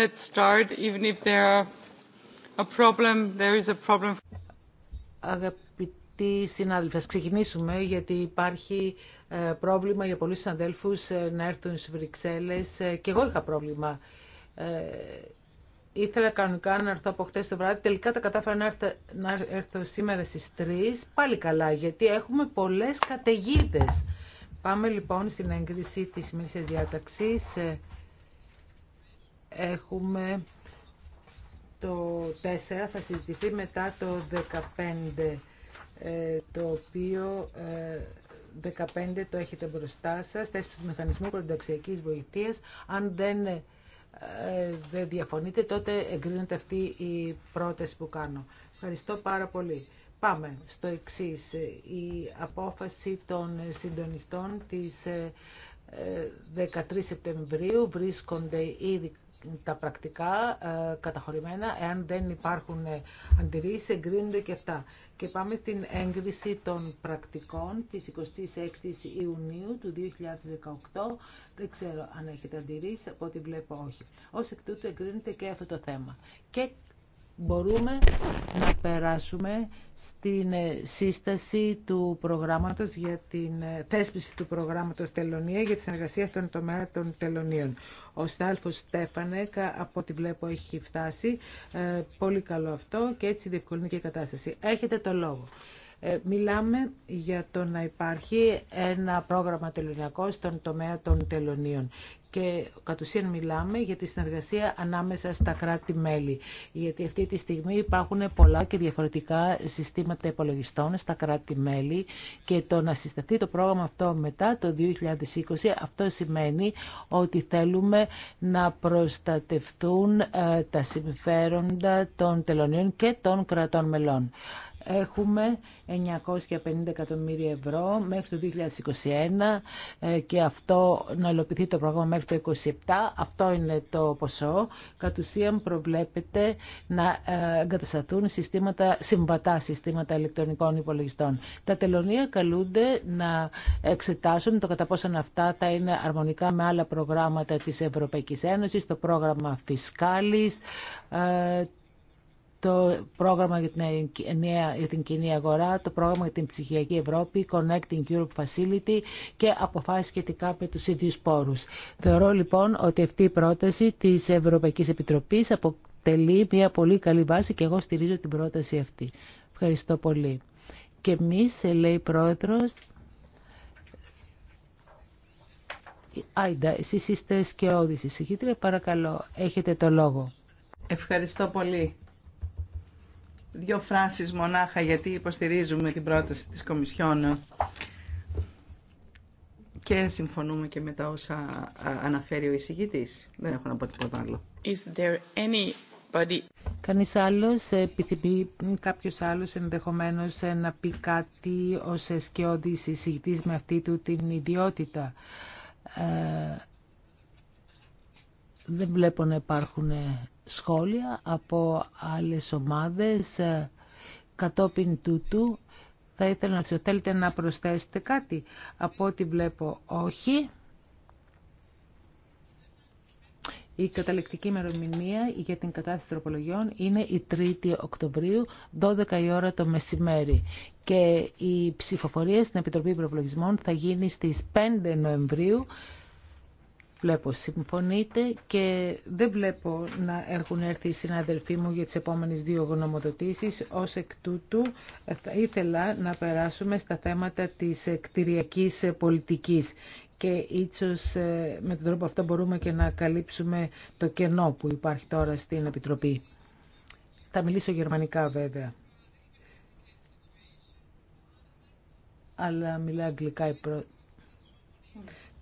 Let's start, even if there a problem, there is a problem. Αγαπητοί συνάδελφοι, ας ξεκινήσουμε γιατί υπάρχει ε, πρόβλημα για πολλούς συναδέλφους ε, να έρθουν στις Βρυξέλλες. Ε, και εγώ είχα πρόβλημα. Ήθελα κανονικά να έρθω από χτες το βράδυ, τελικά τα κατάφερα να έρθω, να έρθω σήμερα στις 3. Πάλι καλά, γιατί έχουμε πολλές καταιγίδε. Πάμε λοιπόν στην έγκριση της σημερινής διάταξης έχουμε το 4, θα συζητηθεί μετά το 15, ε, το οποίο 15 ε, το έχετε μπροστά σας, θέσπιση του μηχανισμού προνταξιακής βοηθείας. Αν δεν, ε, δεν διαφωνείτε, τότε εγκρίνεται αυτή η πρόταση που κάνω. Ευχαριστώ πάρα πολύ. Πάμε στο εξή. Η απόφαση των συντονιστών της 13 Σεπτεμβρίου βρίσκονται ήδη τα πρακτικά ε, καταχωρημένα, εάν δεν υπάρχουν αντιρρήσεις, εγκρίνονται και αυτά. Και πάμε στην έγκριση των πρακτικών της 26ης Ιουνίου του 2018. Δεν ξέρω αν έχετε αντιρρήσεις, από ό,τι βλέπω όχι. Ως εκ τούτου εγκρίνεται και αυτό το θέμα. Και μπορούμε να περάσουμε στην ε, σύσταση του προγράμματος για την ε, θέσπιση του προγράμματος Τελωνία για τη συνεργασία στον τομέα των τελωνίων. Ο Στάλφος Στέφανεκ, από ό,τι βλέπω, έχει φτάσει. Ε, πολύ καλό αυτό και έτσι διευκολύνει και η κατάσταση. Έχετε το λόγο. Ε, μιλάμε για το να υπάρχει ένα πρόγραμμα τελωνιακό στον τομέα των τελωνίων. Και κατ' ουσίαν μιλάμε για τη συνεργασία ανάμεσα στα κράτη-μέλη. Γιατί αυτή τη στιγμή υπάρχουν πολλά και διαφορετικά συστήματα υπολογιστών στα κράτη-μέλη και το να συσταθεί το πρόγραμμα αυτό μετά το 2020, αυτό σημαίνει ότι θέλουμε να προστατευτούν ε, τα συμφέροντα των τελωνίων και των κρατών μελών. Έχουμε 950 εκατομμύρια ευρώ μέχρι το 2021 ε, και αυτό να ελοπιθεί το πρόγραμμα μέχρι το 2027. Αυτό είναι το ποσό. Κατ' ουσίαν προβλέπεται να ε, εγκατασταθούν συστήματα, συμβατά συστήματα ηλεκτρονικών υπολογιστών. Τα τελωνία καλούνται να εξετάσουν το κατά πόσον αυτά θα είναι αρμονικά με άλλα προγράμματα της Ευρωπαϊκής Ένωσης, το πρόγραμμα Φισκάλης, το πρόγραμμα για την, κοινή αγορά, το πρόγραμμα για την ψυχιακή Ευρώπη, Connecting Europe Facility και αποφάσει σχετικά με τους ίδιου πόρου. Θεωρώ λοιπόν ότι αυτή η πρόταση τη Ευρωπαϊκή Επιτροπή αποτελεί μια πολύ καλή βάση και εγώ στηρίζω την πρόταση αυτή. Ευχαριστώ πολύ. Και εμεί, λέει πρόεδρο, Άιντα, εσείς είστε σκαιώδης εισηγήτρια, παρακαλώ, έχετε το λόγο. Ευχαριστώ πολύ. Δύο φράσεις μονάχα γιατί υποστηρίζουμε την πρόταση της Κομισιόν και συμφωνούμε και με τα όσα αναφέρει ο εισηγητής. Δεν έχω να πω τίποτα άλλο. Is there anybody... Κανείς άλλος επιθυμεί, κάποιος άλλος ενδεχομένως να πει κάτι ως σκιώδης εισηγητής με αυτή του την ιδιότητα. Ε, δεν βλέπω να υπάρχουν σχόλια από άλλες ομάδες ε, κατόπιν τούτου. Θα ήθελα να σου θέλετε να προσθέσετε κάτι. Από ό,τι βλέπω όχι. Η καταληκτική ημερομηνία για την κατάθεση τροπολογιών είναι η 3η Οκτωβρίου, 12 η ώρα το μεσημέρι. Και η ψηφοφορία στην Επιτροπή Προπολογισμών θα γίνει στις 5 Νοεμβρίου Βλέπω συμφωνείτε και δεν βλέπω να έχουν έρθει οι συναδελφοί μου για τις επόμενες δύο γνωμοδοτήσεις. Ως εκ τούτου θα ήθελα να περάσουμε στα θέματα της κτηριακής πολιτικής και ίσως ε, με τον τρόπο αυτό μπορούμε και να καλύψουμε το κενό που υπάρχει τώρα στην Επιτροπή. Θα μιλήσω γερμανικά βέβαια. Αλλά μιλάω αγγλικά mm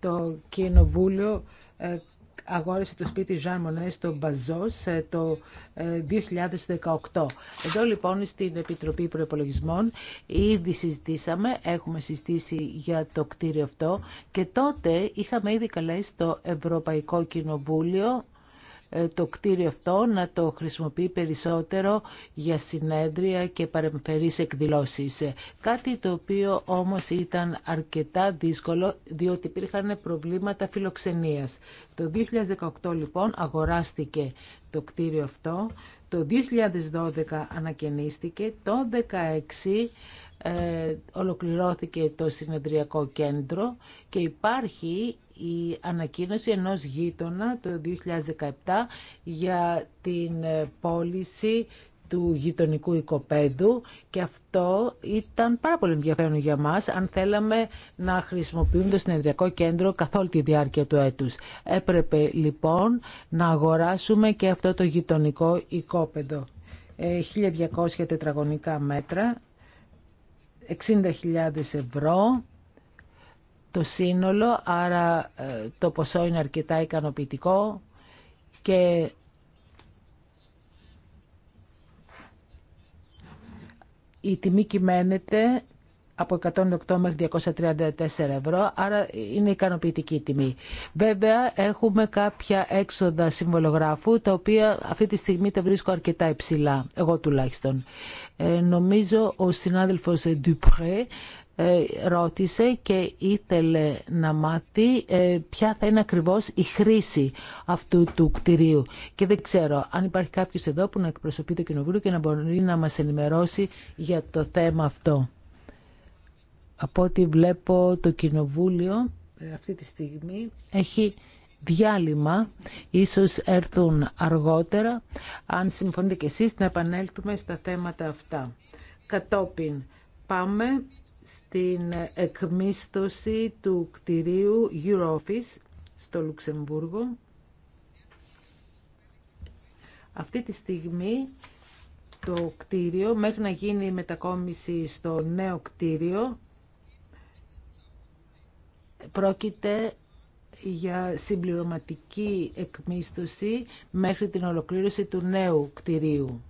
το κοινοβούλιο ε, αγόρασε το σπίτι Ζαν Μονέ στο Μπαζός ε, το 2018. Ε, Εδώ λοιπόν στην Επιτροπή Προπολογισμών ήδη συζητήσαμε, έχουμε συζητήσει για το κτίριο αυτό και τότε είχαμε ήδη καλέσει το Ευρωπαϊκό Κοινοβούλιο ε, το κτίριο αυτό να το χρησιμοποιεί περισσότερο για συνέδρια και παρεμφερείς εκδηλώσεις. Ε, κάτι το οποίο όμως ήταν αρκετά δύσκολο διότι υπήρχαν προβλήματα φιλοξενίας. Το 2018 λοιπόν αγοράστηκε το κτίριο αυτό, το 2012 ανακαινίστηκε, το 2016 ε, ολοκληρώθηκε το συνεδριακό κέντρο και υπάρχει η ανακοίνωση ενός γείτονα το 2017 για την πώληση του γειτονικού οικοπαίδου και αυτό ήταν πάρα πολύ ενδιαφέρον για μας αν θέλαμε να χρησιμοποιούμε το συνεδριακό κέντρο καθ' όλη τη διάρκεια του έτους. Έπρεπε λοιπόν να αγοράσουμε και αυτό το γειτονικό οικόπεδο. 1.200 ε, τετραγωνικά μέτρα, 60.000 ευρώ το σύνολο, άρα ε, το ποσό είναι αρκετά ικανοποιητικό και η τιμή κυμαίνεται από 108 μέχρι 234 ευρώ, άρα είναι ικανοποιητική η τιμή. Βέβαια, έχουμε κάποια έξοδα συμβολογράφου, τα οποία αυτή τη στιγμή τα βρίσκω αρκετά υψηλά, εγώ τουλάχιστον. Ε, νομίζω ο συνάδελφος Dupré, ε, ρώτησε και ήθελε να μάθει ε, ποια θα είναι ακριβώς η χρήση αυτού του κτηρίου. Και δεν ξέρω αν υπάρχει κάποιος εδώ που να εκπροσωπεί το Κοινοβούλιο και να μπορεί να μας ενημερώσει για το θέμα αυτό. Από ό,τι βλέπω το Κοινοβούλιο ε, αυτή τη στιγμή έχει διάλειμμα, ίσως έρθουν αργότερα. Αν συμφωνείτε και εσείς να επανέλθουμε στα θέματα αυτά. Κατόπιν πάμε στην εκμίστοση του κτηρίου Eurooffice στο Λουξεμβούργο. Αυτή τη στιγμή το κτίριο, μέχρι να γίνει η μετακόμιση στο νέο κτίριο, πρόκειται για συμπληρωματική εκμίστοση μέχρι την ολοκλήρωση του νέου κτηρίου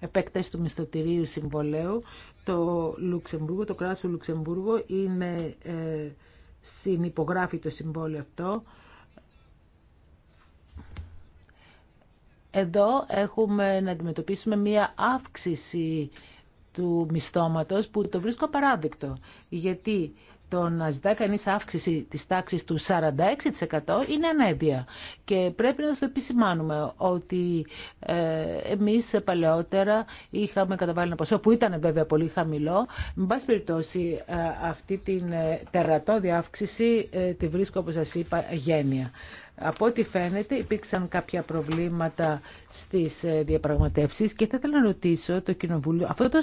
επέκταση του μισθωτηρίου συμβολέου το Λουξεμβούργο, το κράτος του Λουξεμβούργο είναι, ε, συνυπογράφει το συμβόλαιο αυτό. Εδώ έχουμε να αντιμετωπίσουμε μία αύξηση του μισθώματος που το βρίσκω παράδεικτο. Γιατί το να ζητάει κανείς αύξηση της τάξης του 46% είναι ανέδεια. Και πρέπει να το επισημάνουμε ότι ε, εμείς παλαιότερα είχαμε καταβάλει ένα ποσό που ήταν βέβαια πολύ χαμηλό. Με πάση περιπτώσει ε, αυτή την ε, τερατώδη αύξηση τη βρίσκω όπως σας είπα γένεια. Από ό,τι φαίνεται υπήρξαν κάποια προβλήματα στις ε, διαπραγματεύσεις και θα ήθελα να ρωτήσω το Κοινοβούλιο, αυτό το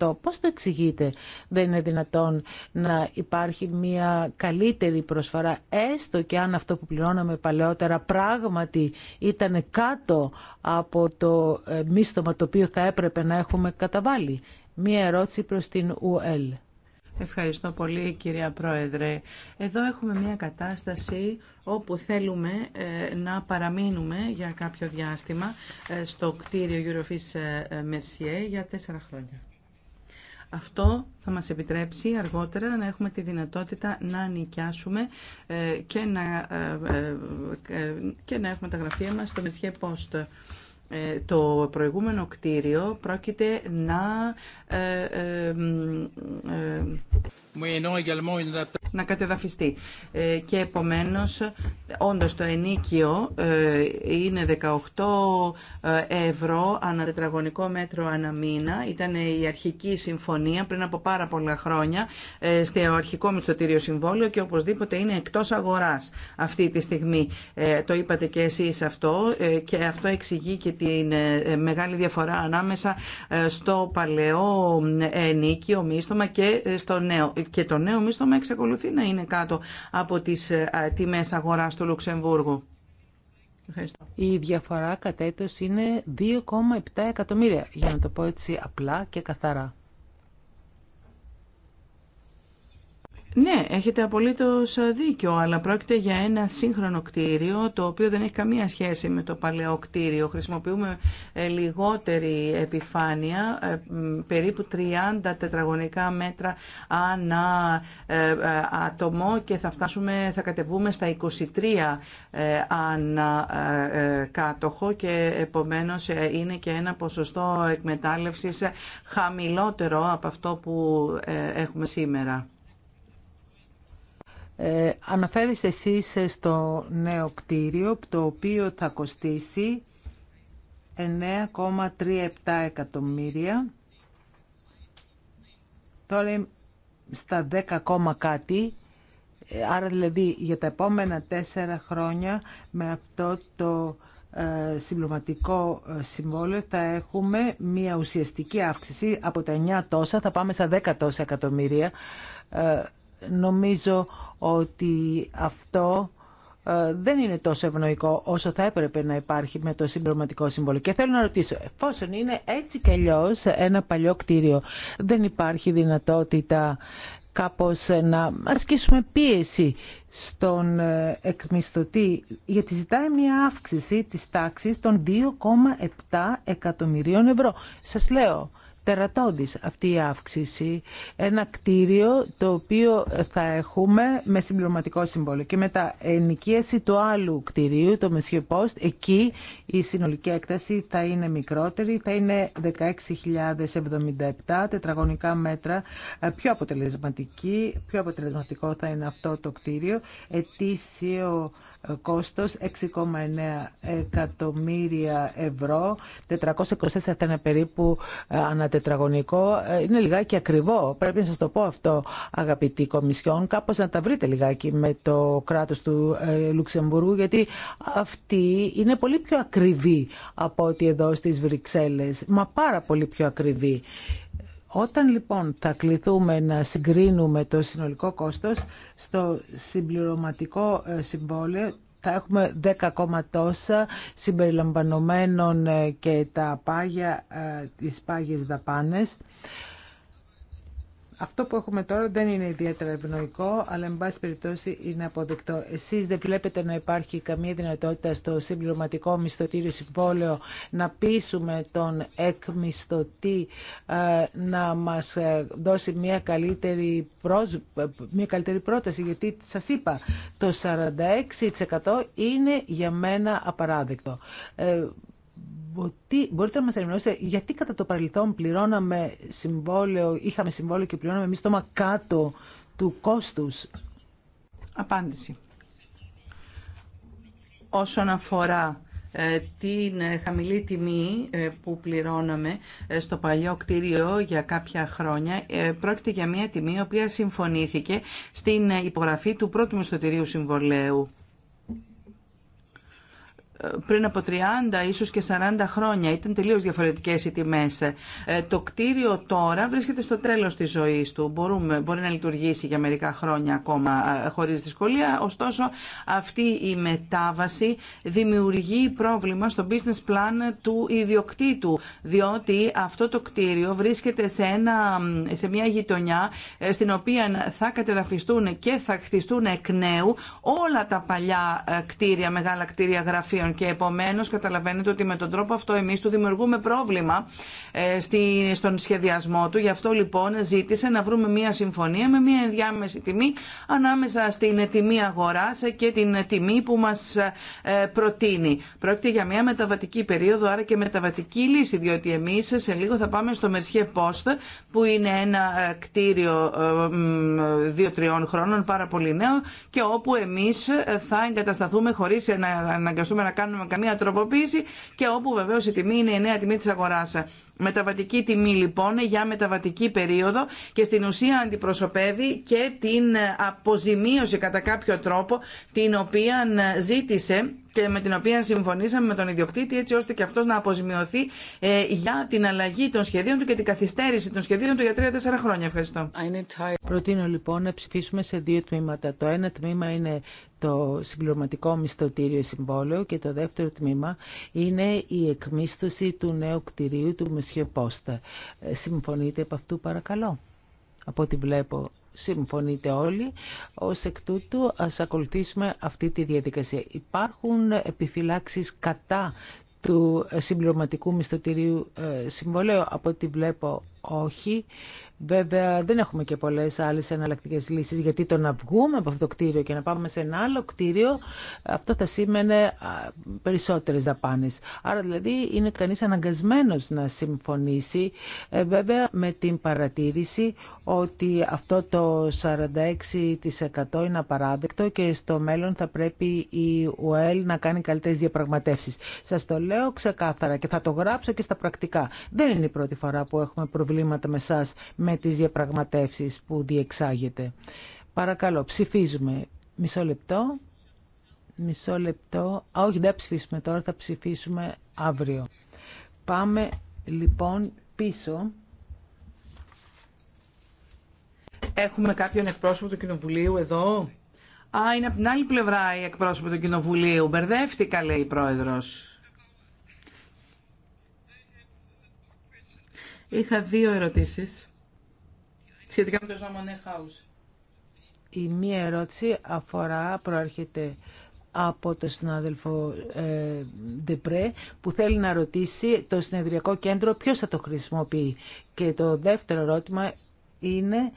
46% πώς το εξηγείτε δεν είναι δυνατόν να υπάρχει μια καλύτερη προσφορά έστω και αν αυτό που πληρώναμε παλαιότερα πράγματι ήταν κάτω από το ε, μίστομα το οποίο θα έπρεπε να έχουμε καταβάλει. Μία ερώτηση προς την ΟΕΛ. Ευχαριστώ πολύ κυρία Πρόεδρε. Εδώ έχουμε μια κατάσταση όπου θέλουμε ε, να παραμείνουμε για κάποιο διάστημα ε, στο κτίριο Eurofis ε, Mercier για τέσσερα χρόνια. Αυτό θα μας επιτρέψει αργότερα να έχουμε τη δυνατότητα να νοικιάσουμε και να, να έχουμε τα γραφεία μας στο Mercier Post. Ε, το προηγούμενο κτίριο πρόκειται να ε, ε, να κατεδαφιστεί. Ε, και επομένως, όντως το ενίκιο ε, είναι 18 ε, ευρώ ανά τετραγωνικό μέτρο ανά μήνα. Ήταν η αρχική συμφωνία πριν από πάρα πολλά χρόνια στο αρχικό μισθωτήριο συμβόλαιο και οπωσδήποτε είναι εκτός αγοράς αυτή τη στιγμή. το είπατε και εσείς αυτό και αυτό εξηγεί και την μεγάλη διαφορά ανάμεσα στο παλαιό ενίκιο μίσθωμα και στο νέο και το νέο μίσθωμα εξακολουθεί να είναι κάτω από τις ε, τιμές αγοράς του Λουξεμβούργου. Η διαφορά κατ' είναι 2,7 εκατομμύρια, για να το πω έτσι απλά και καθαρά. Ναι, έχετε απολύτως δίκιο, αλλά πρόκειται για ένα σύγχρονο κτίριο το οποίο δεν έχει καμία σχέση με το παλαιό κτίριο. Χρησιμοποιούμε ε, λιγότερη επιφάνεια, ε, περίπου 30 τετραγωνικά μέτρα ανά άτομο ε, και θα, φτάσουμε, θα κατεβούμε στα 23 ανά κάτοχο και επομένως είναι και ένα ποσοστό εκμετάλλευσης χαμηλότερο από αυτό που έχουμε σήμερα. Ε, εσεί εσείς στο νέο κτίριο, το οποίο θα κοστίσει 9,37 εκατομμύρια. Τώρα στα 10, κάτι. Ε, άρα δηλαδή για τα επόμενα τέσσερα χρόνια με αυτό το ε, συμπληρωματικό ε, συμβόλαιο θα έχουμε μια ουσιαστική αύξηση από τα 9 τόσα θα πάμε στα 10 τόσα εκατομμύρια νομίζω ότι αυτό ε, δεν είναι τόσο ευνοϊκό όσο θα έπρεπε να υπάρχει με το συμπληρωματικό σύμβολο. Και θέλω να ρωτήσω, εφόσον είναι έτσι κι αλλιώ ένα παλιό κτίριο, δεν υπάρχει δυνατότητα κάπως να ασκήσουμε πίεση στον ε, εκμισθωτή, γιατί ζητάει μια αύξηση της τάξης των 2,7 εκατομμυρίων ευρώ. Σας λέω, τερατώδης αυτή η αύξηση. Ένα κτίριο το οποίο θα έχουμε με συμπληρωματικό συμβόλαιο. Και με τα ενοικίαση του άλλου κτιρίου, το Monsieur Post, εκεί η συνολική έκταση θα είναι μικρότερη, θα είναι 16.077 τετραγωνικά μέτρα. Ε, πιο, αποτελεσματική, πιο αποτελεσματικό θα είναι αυτό το κτίριο. Ετήσιο ε, κόστος 6,9 εκατομμύρια ευρώ, 424 ήταν περίπου ε, ανατετραγωνικό. Ε, είναι λιγάκι ακριβό, πρέπει να σας το πω αυτό αγαπητοί Κομισιόν, κάπως να τα βρείτε λιγάκι με το κράτος του Λουξεμβουργού, γιατί αυτή είναι πολύ πιο ακριβή από ό,τι εδώ στις Βρυξέλλες, μα πάρα πολύ πιο ακριβή. Όταν λοιπόν θα κληθούμε να συγκρίνουμε το συνολικό κόστος στο συμπληρωματικό ε, συμβόλαιο θα έχουμε 10 κόμμα τόσα συμπεριλαμβανομένων ε, και τα πάγια, ε, τις πάγιες δαπάνες. Αυτό που έχουμε τώρα δεν είναι ιδιαίτερα ευνοϊκό, αλλά εν πάση περιπτώσει είναι αποδεκτό. Εσείς δεν βλέπετε να υπάρχει καμία δυνατότητα στο συμπληρωματικό μισθωτήριο συμβόλαιο να πείσουμε τον εκμισθωτή ε, να μας ε, δώσει μια καλύτερη, ε, μια καλύτερη πρόταση, γιατί σας είπα, το 46% είναι για μένα απαράδεκτο μπορείτε να μας ενημερώσετε γιατί κατά το παρελθόν πληρώναμε συμβόλαιο, είχαμε συμβόλαιο και πληρώναμε μισθώμα κάτω του κόστους. Απάντηση. Όσον αφορά ε, την ε, χαμηλή τιμή ε, που πληρώναμε στο παλιό κτίριο για κάποια χρόνια πρόκειται για μια τιμή η οποία συμφωνήθηκε στην υπογραφή του πρώτου μισθωτηρίου συμβολέου πριν από 30, ίσως και 40 χρόνια. Ήταν τελείως διαφορετικές οι τιμές. Ε, το κτίριο τώρα βρίσκεται στο τέλος της ζωής του. Μπορούμε, μπορεί να λειτουργήσει για μερικά χρόνια ακόμα ε, χωρίς δυσκολία. Ωστόσο, αυτή η μετάβαση δημιουργεί πρόβλημα στο business plan του ιδιοκτήτου, διότι αυτό το κτίριο βρίσκεται σε, ένα, σε μια γειτονιά ε, στην οποία θα κατεδαφιστούν και θα χτιστούν εκ νέου όλα τα παλιά κτίρια, μεγάλα κτίρια γραφείων και επομένω, καταλαβαίνετε ότι με τον τρόπο αυτό εμεί του δημιουργούμε πρόβλημα ε, στον σχεδιασμό του. Γι' αυτό λοιπόν ζήτησε να βρούμε μια συμφωνία με μια ενδιάμεση τιμή ανάμεσα στην τιμή αγορά και την τιμή που μας ε, προτείνει. Πρόκειται για μια μεταβατική περίοδο, άρα και μεταβατική λύση, διότι εμεί σε λίγο θα πάμε στο Μερσιέ Πόστ, που είναι ένα ε, κτίριο δύο-τριών χρόνων, πάρα πολύ νέο, και όπου εμείς θα εγκατασταθούμε χωρίς να αναγκαστούμε να κάνουμε καμία τροποποίηση και όπου βεβαίως η τιμή είναι η νέα τιμή της αγοράς. Μεταβατική τιμή λοιπόν για μεταβατική περίοδο και στην ουσία αντιπροσωπεύει και την αποζημίωση κατά κάποιο τρόπο την οποία ζήτησε και με την οποία συμφωνήσαμε με τον ιδιοκτήτη έτσι ώστε και αυτό να αποζημιωθεί ε, για την αλλαγή των σχεδίων του και την καθυστέρηση των σχεδίων του για 3-4 χρόνια. Ευχαριστώ. Προτείνω λοιπόν να ψηφίσουμε σε δύο τμήματα. Το ένα τμήμα είναι το συμπληρωματικό μισθωτήριο συμβόλαιο και το δεύτερο τμήμα είναι η εκμίσθωση του νέου κτηρίου του Μεσχεπόστα. Συμφωνείτε από αυτού παρακαλώ. Από ό,τι βλέπω συμφωνείτε όλοι. Ως εκ τούτου ας ακολουθήσουμε αυτή τη διαδικασία. Υπάρχουν επιφυλάξεις κατά του συμπληρωματικού μισθωτηρίου ε, συμβολέου. Από ό,τι βλέπω όχι. Βέβαια δεν έχουμε και πολλέ άλλε εναλλακτικέ λύσει, γιατί το να βγούμε από αυτό το κτίριο και να πάμε σε ένα άλλο κτίριο αυτό θα σήμαινε περισσότερε δαπάνε. Άρα δηλαδή είναι κανεί αναγκασμένο να συμφωνήσει ε, βέβαια με την παρατήρηση ότι αυτό το 46% είναι απαράδεκτο και στο μέλλον θα πρέπει η ΟΕΛ να κάνει καλύτερε διαπραγματεύσει. Σα το λέω ξεκάθαρα και θα το γράψω και στα πρακτικά. Δεν είναι η πρώτη φορά που έχουμε προβλήματα με εσά με τις διαπραγματεύσεις που διεξάγεται. Παρακαλώ, ψηφίζουμε. Μισό λεπτό. Μισό λεπτό. Α, όχι, δεν ψηφίσουμε τώρα, θα ψηφίσουμε αύριο. Πάμε λοιπόν πίσω. Έχουμε κάποιον εκπρόσωπο του Κοινοβουλίου εδώ. Α, είναι από την άλλη πλευρά η εκπρόσωπο του Κοινοβουλίου. Μπερδεύτηκα, λέει η Πρόεδρος. Είχα δύο ερωτήσεις σχετικά με το Monnet House. Η μία ερώτηση αφορά, προέρχεται από τον συνάδελφο ε, Ντεπρέ που θέλει να ρωτήσει το συνεδριακό κέντρο ποιος θα το χρησιμοποιεί. Και το δεύτερο ερώτημα είναι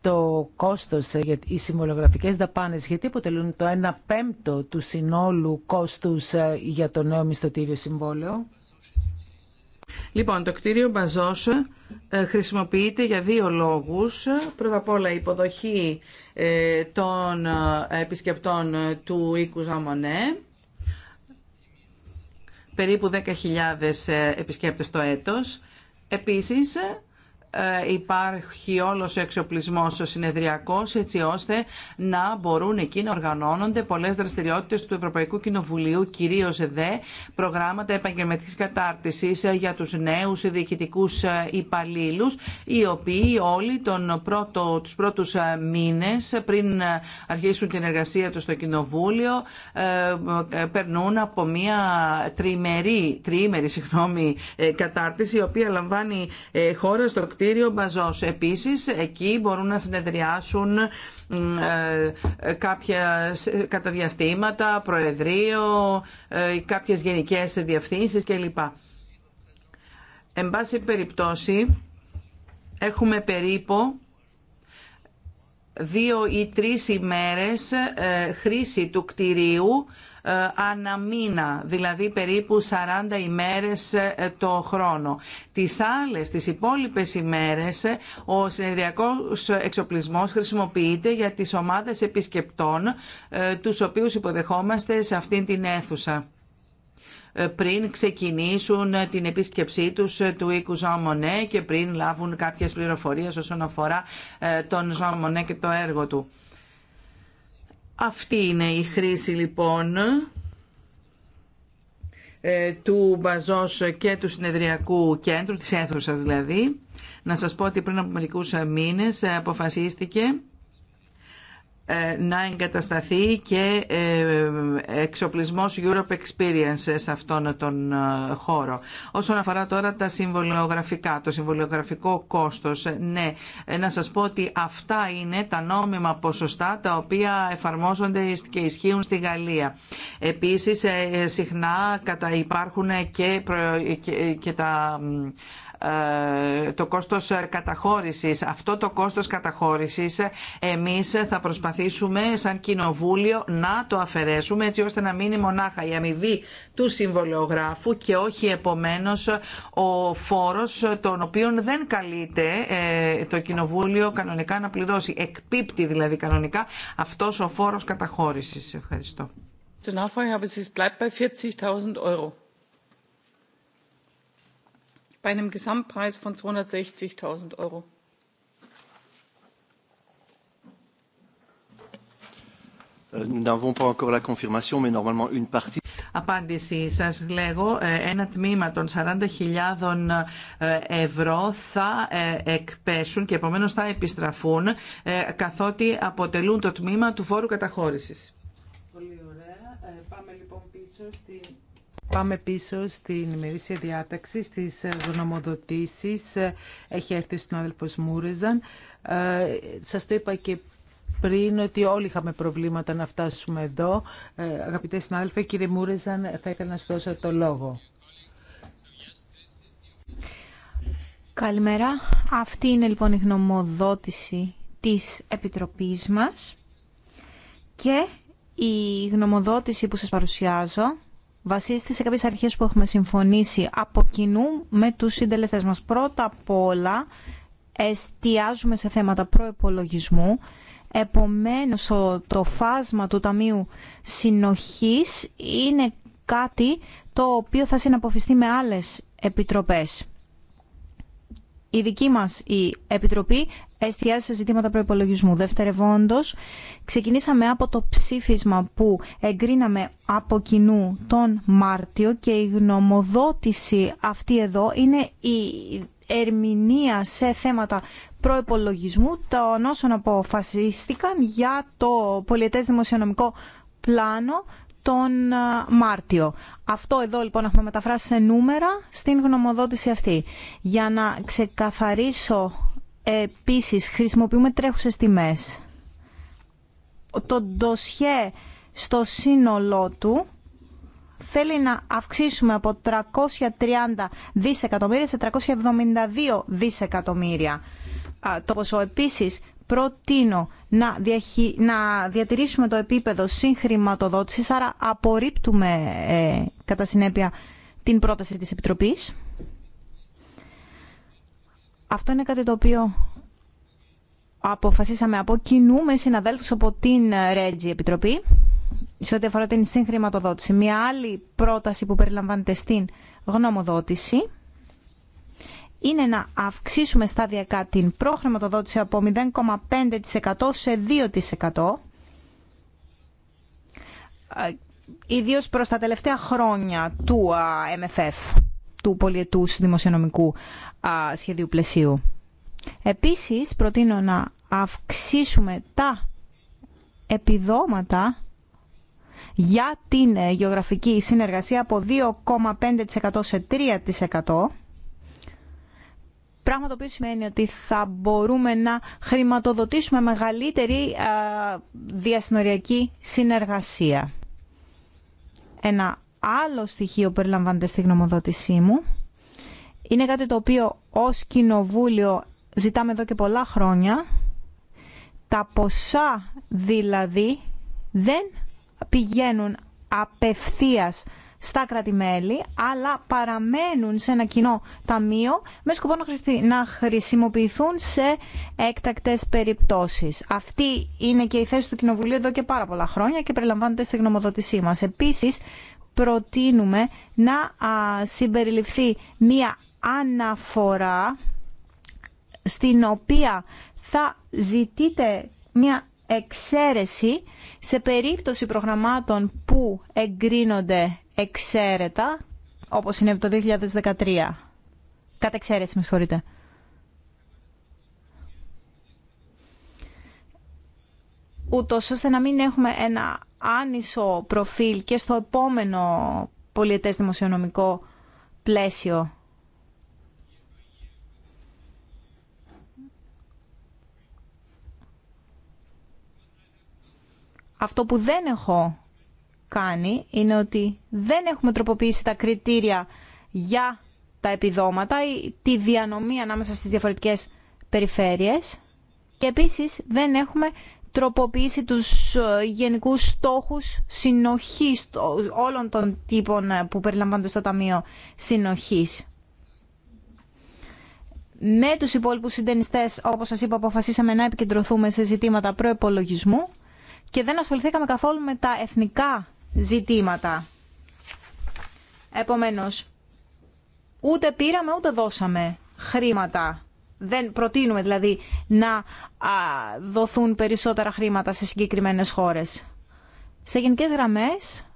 το κόστος, ε, οι συμβολογραφικές δαπάνες, γιατί αποτελούν το 1 πέμπτο του συνόλου κόστους ε, για το νέο μισθωτήριο συμβόλαιο. Λοιπόν, το κτίριο Μπαζός ε, χρησιμοποιείται για δύο λόγους. Πρώτα απ' όλα η υποδοχή ε, των ε, επισκεπτών του οίκου Ζαμονέ. Περίπου 10.000 επισκέπτες το έτος. Επίσης, ε, υπάρχει όλος ο εξοπλισμός ο συνεδριακός έτσι ώστε να μπορούν εκεί να οργανώνονται πολλές δραστηριότητες του Ευρωπαϊκού Κοινοβουλίου κυρίως δε προγράμματα επαγγελματικής κατάρτισης ε, για τους νέους διοικητικούς ε, υπαλλήλου, οι οποίοι όλοι τον πρώτο, τους πρώτους μήνες πριν αρχίσουν την εργασία τους στο Κοινοβούλιο περνούν από μια τριμερή, τριήμερη κατάρτιση η οποία λαμβάνει χώρα στο κτίριο Επίση, Επίσης, εκεί μπορούν να συνεδριάσουν ε, κάποια καταδιαστήματα, διαστήματα, προεδρείο, ε, κάποιες γενικές διευθύνσεις κλπ. Εν πάση περιπτώσει, έχουμε περίπου δύο ή τρεις ημέρες ε, χρήση του κτηρίου αναμήνα, δηλαδή περίπου 40 ημέρες ε, το χρόνο. Τις άλλες, τις υπόλοιπες ημέρες, ε, ο συνεδριακός εξοπλισμός χρησιμοποιείται για τις ομάδες επισκεπτών, ε, τους οποίους υποδεχόμαστε σε αυτήν την αίθουσα πριν ξεκινήσουν την επίσκεψή τους του οίκου Ζωμονέ και πριν λάβουν κάποιες πληροφορίες όσον αφορά τον Ζωμονέ και το έργο του. Αυτή είναι η χρήση λοιπόν ε, του Μπαζός και του Συνεδριακού Κέντρου, της αίθουσας δηλαδή. Να σας πω ότι πριν από μερικούς μήνες ε, αποφασίστηκε ε, να εγκατασταθεί και ε, εξοπλισμός Europe Experience σε αυτόν τον ε, χώρο. Όσον αφορά τώρα τα συμβολιογραφικά, το συμβολιογραφικό κόστος, ναι, να σας πω ότι αυτά είναι τα νόμιμα ποσοστά τα οποία εφαρμόζονται και ισχύουν στη Γαλλία. Επίσης, συχνά υπάρχουν και, και τα το κόστος ε, καταχώρησης. Αυτό το κόστος καταχώρησης ε, εμείς θα προσπαθήσουμε σαν κοινοβούλιο να το αφαιρέσουμε έτσι ώστε να μείνει μονάχα η αμοιβή του συμβολιογράφου και όχι επομένως ο φόρος τον οποίον δεν καλείται ε, το κοινοβούλιο κανονικά να πληρώσει. Εκπίπτει δηλαδή κανονικά αυτός ο φόρος καταχώρησης. Ευχαριστώ. Στην 40.000 bei einem Gesamtpreis von 260.000 Euro. Euh, Απάντησή σας λέγω ε, ένα τμήμα των 40.000 ε, ευρώ θα ε, εκπέσουν και επομένως θα επιστραφούν καθότι αποτελούν το τμήμα του φόρου καταχώρησης. Πολύ ωραία. Πάμε λοιπόν πίσω στη... Πάμε πίσω στην ημερήσια διάταξη, στις γνωμοδοτήσεις. Έχει έρθει ο συνάδελφος Μούρεζαν. Ε, σας το είπα και πριν ότι όλοι είχαμε προβλήματα να φτάσουμε εδώ. Ε, αγαπητέ συνάδελφε, κύριε Μούρεζαν, θα ήθελα να σου δώσω το λόγο. Καλημέρα. Αυτή είναι λοιπόν η γνωμοδότηση της Επιτροπής μας και η γνωμοδότηση που σας παρουσιάζω βασίζεται σε κάποιες αρχές που έχουμε συμφωνήσει από κοινού με τους συντελεστέ μας. Πρώτα απ' όλα εστιάζουμε σε θέματα προεπολογισμού. επομένως το φάσμα του Ταμείου Συνοχής είναι κάτι το οποίο θα συναποφιστεί με άλλες επιτροπές. Η δική μας η Επιτροπή εστιάζει σε ζητήματα προπολογισμού. Δευτερευόντω, ξεκινήσαμε από το ψήφισμα που εγκρίναμε από κοινού τον Μάρτιο και η γνωμοδότηση αυτή εδώ είναι η ερμηνεία σε θέματα προϋπολογισμού των όσων αποφασίστηκαν για το πολιετές δημοσιονομικό πλάνο τον Μάρτιο. Αυτό εδώ λοιπόν έχουμε μεταφράσει σε νούμερα στην γνωμοδότηση αυτή. Για να ξεκαθαρίσω Επίσης, χρησιμοποιούμε τρέχουσες τιμέ. Το ντοσιέ στο σύνολό του θέλει να αυξήσουμε από 330 δισεκατομμύρια σε 372 δισεκατομμύρια. Το ποσό επίσης προτείνω να, να διατηρήσουμε το επίπεδο συγχρηματοδότησης, άρα απορρίπτουμε ε, κατά συνέπεια την πρόταση της Επιτροπής. Αυτό είναι κάτι το οποίο αποφασίσαμε από κοινού με συναδέλφους από την Ρέτζη Επιτροπή σε ό,τι αφορά την συγχρηματοδότηση. Μια άλλη πρόταση που περιλαμβάνεται στην γνωμοδότηση είναι να αυξήσουμε σταδιακά την προχρηματοδότηση από 0,5% σε 2%. Ε, Ιδίω προς τα τελευταία χρόνια του MFF, του πολιετούς δημοσιονομικού σχεδίου πλαισίου. Επίσης, προτείνω να αυξήσουμε τα επιδόματα για την ε, γεωγραφική συνεργασία από 2,5% σε 3%. Πράγμα το οποίο σημαίνει ότι θα μπορούμε να χρηματοδοτήσουμε μεγαλύτερη διασυνοριακή συνεργασία. Ένα άλλο στοιχείο που περιλαμβάνεται στη γνωμοδότησή μου είναι κάτι το οποίο ως κοινοβούλιο ζητάμε εδώ και πολλά χρόνια. Τα ποσά δηλαδή δεν πηγαίνουν απευθείας στα κράτη-μέλη, αλλά παραμένουν σε ένα κοινό ταμείο με σκοπό να χρησιμοποιηθούν σε έκτακτες περιπτώσεις. Αυτή είναι και η θέση του Κοινοβουλίου εδώ και πάρα πολλά χρόνια και περιλαμβάνεται στη γνωμοδότησή μας. Επίσης, προτείνουμε να συμπεριληφθεί μία αναφορά στην οποία θα ζητείτε μια εξαίρεση σε περίπτωση προγραμμάτων που εγκρίνονται εξαίρετα, όπως είναι το 2013. Κατά εξαίρεση, με συγχωρείτε. Ούτως ώστε να μην έχουμε ένα άνισο προφίλ και στο επόμενο πολιετές δημοσιονομικό πλαίσιο. Αυτό που δεν έχω κάνει είναι ότι δεν έχουμε τροποποιήσει τα κριτήρια για τα επιδόματα ή τη διανομή ανάμεσα στις διαφορετικές περιφέρειες και επίσης δεν έχουμε τροποποιήσει τους ε, γενικούς στόχους συνοχής όλων των τύπων ε, που περιλαμβάνονται στο Ταμείο Συνοχής. Με τους υπόλοιπους συντενιστές, όπως σας είπα, αποφασίσαμε να επικεντρωθούμε σε ζητήματα προϋπολογισμού και δεν ασχοληθήκαμε καθόλου με τα εθνικά ζητήματα. Επομένως, ούτε πήραμε ούτε δώσαμε χρήματα. Δεν προτείνουμε δηλαδή να δοθούν περισσότερα χρήματα σε συγκεκριμένες χώρες. Σε γενικές γραμμές,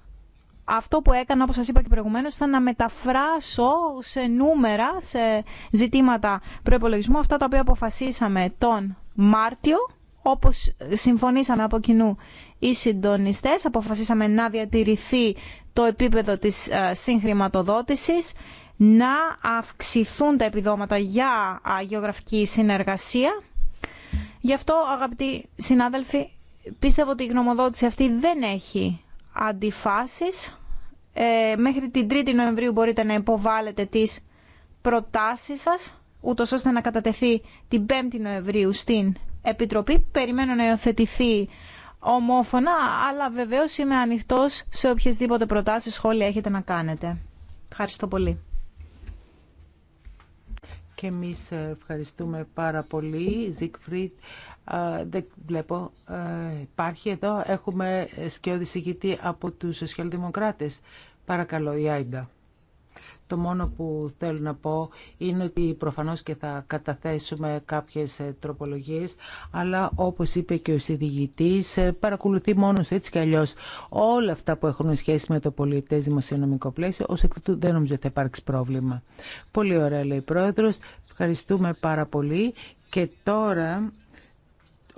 αυτό που έκανα, όπως σας είπα και προηγουμένως, ήταν να μεταφράσω σε νούμερα, σε ζητήματα προϋπολογισμού, αυτά τα οποία αποφασίσαμε τον Μάρτιο όπως συμφωνήσαμε από κοινού οι συντονιστές, αποφασίσαμε να διατηρηθεί το επίπεδο της ε, συγχρηματοδότησης, να αυξηθούν τα επιδόματα για γεωγραφική συνεργασία. Γι' αυτό, αγαπητοί συνάδελφοι, πίστευω ότι η γνωμοδότηση αυτή δεν έχει αντιφάσεις. Ε, μέχρι την 3η Νοεμβρίου μπορείτε να υποβάλλετε τις προτάσεις σας, ούτως ώστε να κατατεθεί την 5η Νοεμβρίου στην Επιτροπή. Περιμένω να υιοθετηθεί ομόφωνα, αλλά βεβαίω είμαι ανοιχτό σε οποιασδήποτε προτάσεις, σχόλια έχετε να κάνετε. Ευχαριστώ πολύ. Και εμεί ευχαριστούμε πάρα πολύ, Ζικφρίτ. Δεν βλέπω. Υπάρχει εδώ. Έχουμε σκιώδη συγκητή από τους σοσιαλδημοκράτες. Παρακαλώ, η Άιντα. Το μόνο που θέλω να πω είναι ότι προφανώς και θα καταθέσουμε κάποιες ε, τροπολογίες, αλλά όπως είπε και ο συνδηγητής, ε, παρακολουθεί μόνος έτσι κι αλλιώς όλα αυτά που έχουν σχέση με το πολιτές δημοσιονομικό πλαίσιο, ως εκ τούτου δεν νομίζω ότι θα υπάρξει πρόβλημα. Πολύ ωραία λέει η Πρόεδρος, ευχαριστούμε πάρα πολύ και τώρα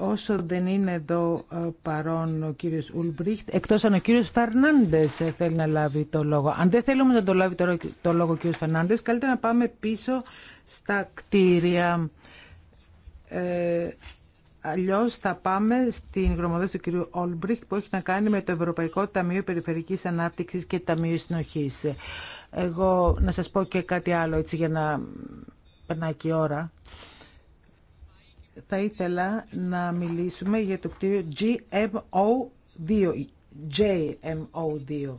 όσο δεν είναι εδώ ε, παρόν ο κύριος Ουλμπριχτ, εκτός αν ο κύριος Φερνάντες ε, θέλει να λάβει το λόγο. Αν δεν θέλουμε να το λάβει το λόγο ο κύριος Φερνάντες, καλύτερα να πάμε πίσω στα κτίρια. Ε, αλλιώς θα πάμε στην γνωμοδότηση του κυρίου Ολμπριχτ που έχει να κάνει με το Ευρωπαϊκό Ταμείο Περιφερικής Ανάπτυξης και Ταμείο Συνοχής. Εγώ να σας πω και κάτι άλλο έτσι για να περνάει και η ώρα θα ήθελα να μιλήσουμε για το κτίριο GMO2. JMO2.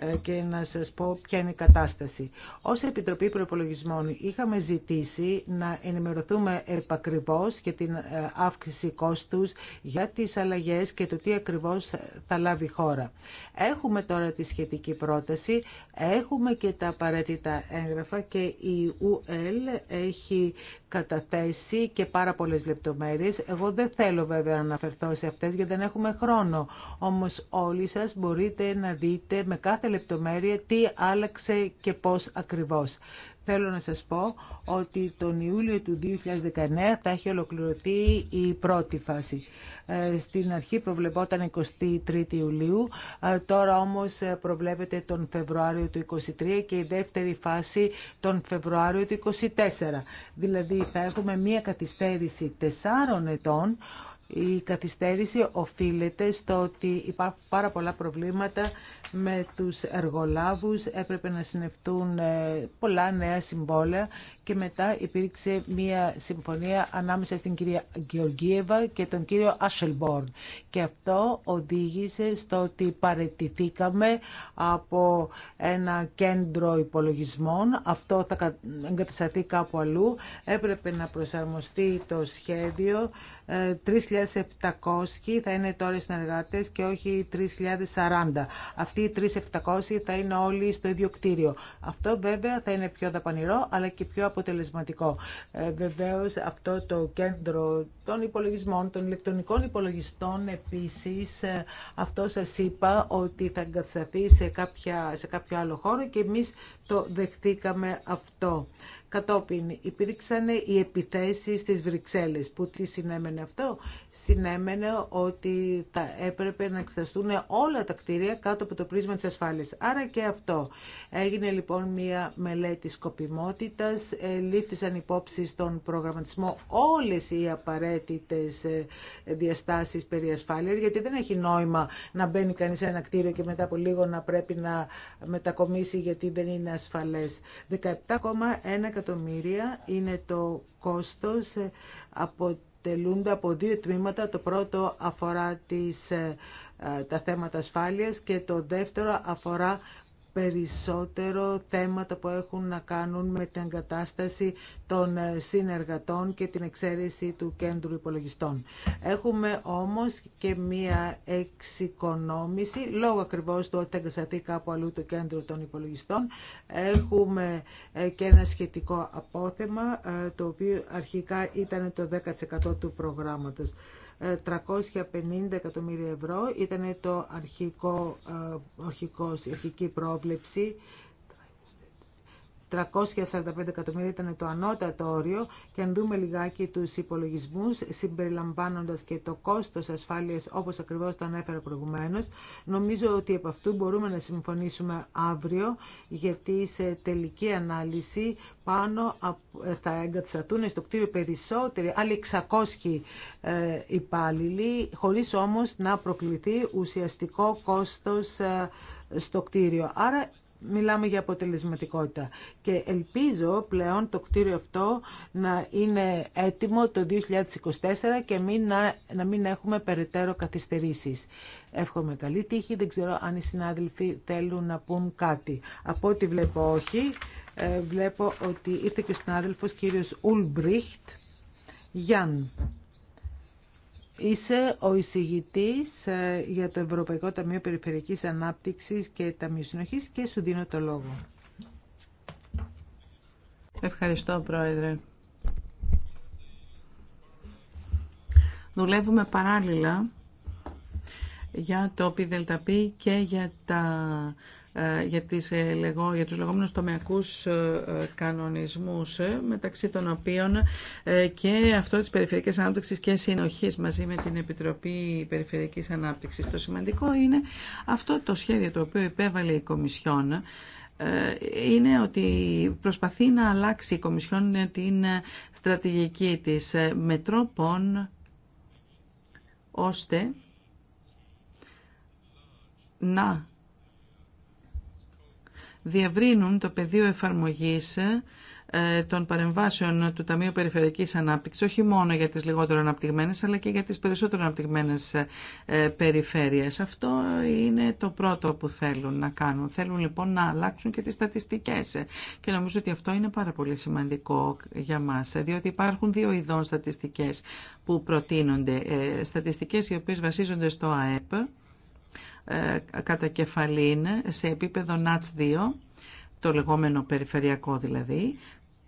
Ε, και να σας πω ποια είναι η κατάσταση. Ως Επιτροπή Προπολογισμών είχαμε ζητήσει να ενημερωθούμε επακριβώς για την ε, αύξηση κόστους, για τις αλλαγές και το τι ακριβώς θα λάβει η χώρα. Έχουμε τώρα τη σχετική πρόταση, έχουμε και τα απαραίτητα έγγραφα και η UL έχει καταθέσει και πάρα πολλές λεπτομέρειες. Εγώ δεν θέλω βέβαια να αναφερθώ σε αυτές γιατί δεν έχουμε χρόνο. Όμως όλοι σας μπορείτε να δείτε με κάθε λεπτομέρεια τι άλλαξε και πώς ακριβώς. Θέλω να σας πω ότι τον Ιούλιο του 2019 θα έχει ολοκληρωθεί η πρώτη φάση. Ε, στην αρχή προβλεπόταν 23 Ιουλίου, ε, τώρα όμως ε, προβλέπεται τον Φεβρουάριο του 2023 και η δεύτερη φάση τον Φεβρουάριο του 2024. Δηλαδή θα έχουμε μία καθυστέρηση τεσσάρων ετών η καθυστέρηση οφείλεται στο ότι υπάρχουν πάρα πολλά προβλήματα με τους εργολάβους, έπρεπε να συνευτούν ε, πολλά νέα συμβόλαια και μετά υπήρξε μία συμφωνία ανάμεσα στην κυρία Γεωργίεβα και τον κύριο Ασελμπόρν. Και αυτό οδήγησε στο ότι παρετηθήκαμε από ένα κέντρο υπολογισμών. Αυτό θα εγκατασταθεί κάπου αλλού. Έπρεπε να προσαρμοστεί το σχέδιο 3.700 θα είναι τώρα οι συνεργάτες και όχι 3.040. Αυτοί οι 3.700 θα είναι όλοι στο ίδιο κτίριο. Αυτό βέβαια θα είναι πιο δαπανηρό αλλά και πιο αποτελεσματικό. Ε, βεβαίως αυτό το κέντρο των υπολογισμών, των ηλεκτρονικών υπολογιστών επίσης ε, αυτό σας είπα ότι θα εγκατασταθεί σε, σε κάποιο άλλο χώρο και εμείς το δεχτήκαμε αυτό. Κατόπιν υπήρξαν οι επιθέσεις στις Βρυξέλλες. Που τι συνέμενε αυτό? Συνέμενε ότι θα έπρεπε να εξεταστούν όλα τα κτίρια κάτω από το πρίσμα της ασφάλειας. Άρα και αυτό. Έγινε λοιπόν μια μελέτη σκοπιμότητας. Ε, λήφθησαν υπόψη στον προγραμματισμό όλες οι απαραίτητες ε, διαστάσεις περί ασφάλειας, γιατί δεν έχει νόημα να μπαίνει κανείς σε ένα κτίριο και μετά από λίγο να πρέπει να μετακομίσει γιατί δεν είναι ασφαλές. 17,1 εκατομμύρια είναι το κόστος αποτελούνται από δύο τμήματα. Το πρώτο αφορά τις, ε, τα θέματα ασφάλειας και το δεύτερο αφορά περισσότερο θέματα που έχουν να κάνουν με την εγκατάσταση των ε, συνεργατών και την εξαίρεση του κέντρου υπολογιστών. Έχουμε όμως και μία εξοικονόμηση, λόγω ακριβώς του ότι θα εγκατασταθεί κάπου αλλού το κέντρο των υπολογιστών. Έχουμε ε, και ένα σχετικό απόθεμα, ε, το οποίο αρχικά ήταν το 10% του προγράμματος. 350 εκατομμύρια ευρώ ήταν το αρχικό, ε, αρχικός, αρχική πρόβλεψη 345 εκατομμύρια ήταν το ανώτατο όριο και αν δούμε λιγάκι τους υπολογισμούς συμπεριλαμβάνοντας και το κόστος ασφάλειας όπως ακριβώς το ανέφερα προηγουμένως νομίζω ότι από αυτού μπορούμε να συμφωνήσουμε αύριο γιατί σε τελική ανάλυση πάνω ε, θα εγκατσατούν στο κτίριο περισσότεροι άλλοι 600 ε, υπάλληλοι χωρίς όμως να προκληθεί ουσιαστικό κόστος ε, στο κτίριο. Άρα μιλάμε για αποτελεσματικότητα. Και ελπίζω πλέον το κτίριο αυτό να είναι έτοιμο το 2024 και μην να, μην έχουμε περαιτέρω καθυστερήσεις. Εύχομαι καλή τύχη. Δεν ξέρω αν οι συνάδελφοι θέλουν να πούν κάτι. Από ό,τι βλέπω όχι. Ε, βλέπω ότι ήρθε και ο συνάδελφος κύριος Ουλμπριχτ. Γιάν. Είσαι ο εισηγητής ε, για το Ευρωπαϊκό Ταμείο Περιφερειακής Ανάπτυξης και Ταμείο Συνοχής και σου δίνω το λόγο. Ευχαριστώ, Πρόεδρε. Δουλεύουμε παράλληλα για το ΠΙΔΕΛΤΑΠΗ και για τα ε, για, τις, ε, λεγό, για τους λεγόμενους τομεακούς ε, κανονισμούς μεταξύ των οποίων και αυτό της Περιφερειακής Ανάπτυξης και Συνοχής μαζί με την Επιτροπή Περιφερειακής Ανάπτυξης. Το σημαντικό είναι αυτό το σχέδιο το οποίο υπέβαλε η Κομισιόν είναι ότι προσπαθεί να αλλάξει η Κομισιόν την στρατηγική της με τρόπον ώστε να Διαβρύνουν το πεδίο εφαρμογής ε, των παρεμβάσεων του Ταμείου Περιφερειακής Ανάπτυξης, όχι μόνο για τις λιγότερο αναπτυγμένες, αλλά και για τις περισσότερο αναπτυγμένες ε, περιφέρειες. Αυτό είναι το πρώτο που θέλουν να κάνουν. Θέλουν λοιπόν να αλλάξουν και τις στατιστικές. Και νομίζω ότι αυτό είναι πάρα πολύ σημαντικό για μας, ε, διότι υπάρχουν δύο ειδών στατιστικές που προτείνονται. Στατιστικές οι οποίες βασίζονται στο ΑΕΠ, ε, κατά σε επίπεδο ΝΑΤΣ 2, το λεγόμενο περιφερειακό δηλαδή,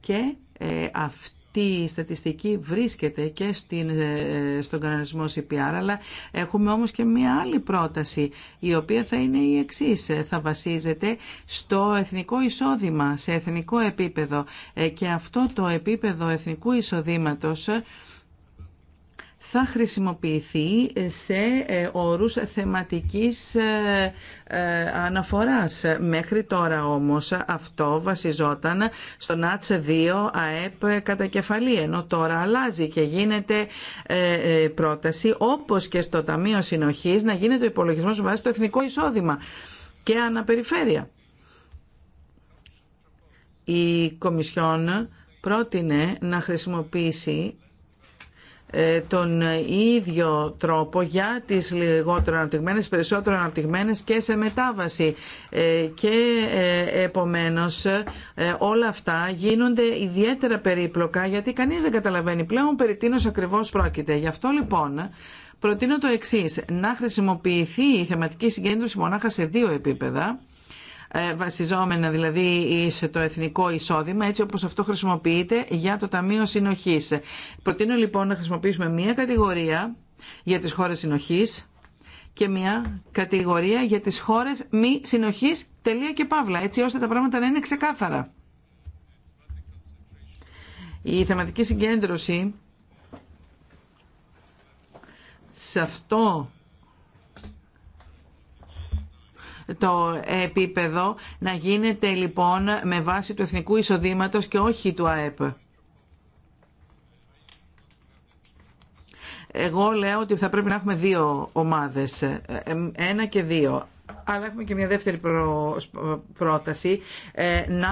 και ε, αυτή η στατιστική βρίσκεται και στην, ε, στον κανονισμό CPR, αλλά έχουμε όμως και μία άλλη πρόταση, η οποία θα είναι η εξής. Θα βασίζεται στο εθνικό εισόδημα, σε εθνικό επίπεδο. Και αυτό το επίπεδο εθνικού εισοδήματος θα χρησιμοποιηθεί σε ε, όρους θεματικής ε, ε, αναφοράς. Μέχρι τώρα όμως αυτό βασιζόταν στον ΝΑΤΣ 2 ΑΕΠ κατά κεφαλή, ενώ τώρα αλλάζει και γίνεται πρόταση όπως και στο Ταμείο Συνοχής να γίνεται ο υπολογισμός βάσει το εθνικό εισόδημα και αναπεριφέρεια. Η Κομισιόν πρότεινε να χρησιμοποιήσει ε, τον ίδιο τρόπο για τις λιγότερο αναπτυγμένες, περισσότερο αναπτυγμένες και σε μετάβαση. Ε, και ε, επομένως όλα αυτά γίνονται ιδιαίτερα περίπλοκα γιατί κανείς δεν καταλαβαίνει πλέον περί τίνος ακριβώς πρόκειται. Γι' αυτό λοιπόν προτείνω το εξής, να χρησιμοποιηθεί η θεματική συγκέντρωση μονάχα σε δύο επίπεδα ε, βασιζόμενα δηλαδή το εθνικό εισόδημα, έτσι όπως αυτό χρησιμοποιείται για το Ταμείο Συνοχής. Προτείνω λοιπόν να χρησιμοποιήσουμε μία κατηγορία για τις χώρες συνοχής και μία κατηγορία για τις χώρες μη συνοχής, τελεία και παύλα, έτσι ώστε τα πράγματα να είναι ξεκάθαρα. Η θεματική συγκέντρωση σε αυτό το επίπεδο να γίνεται λοιπόν με βάση του εθνικού εισοδήματος και όχι του ΑΕΠ. Εγώ λέω ότι θα πρέπει να έχουμε δύο ομάδες, ε, ε, ένα και δύο αλλά έχουμε και μια δεύτερη πρόταση ε, να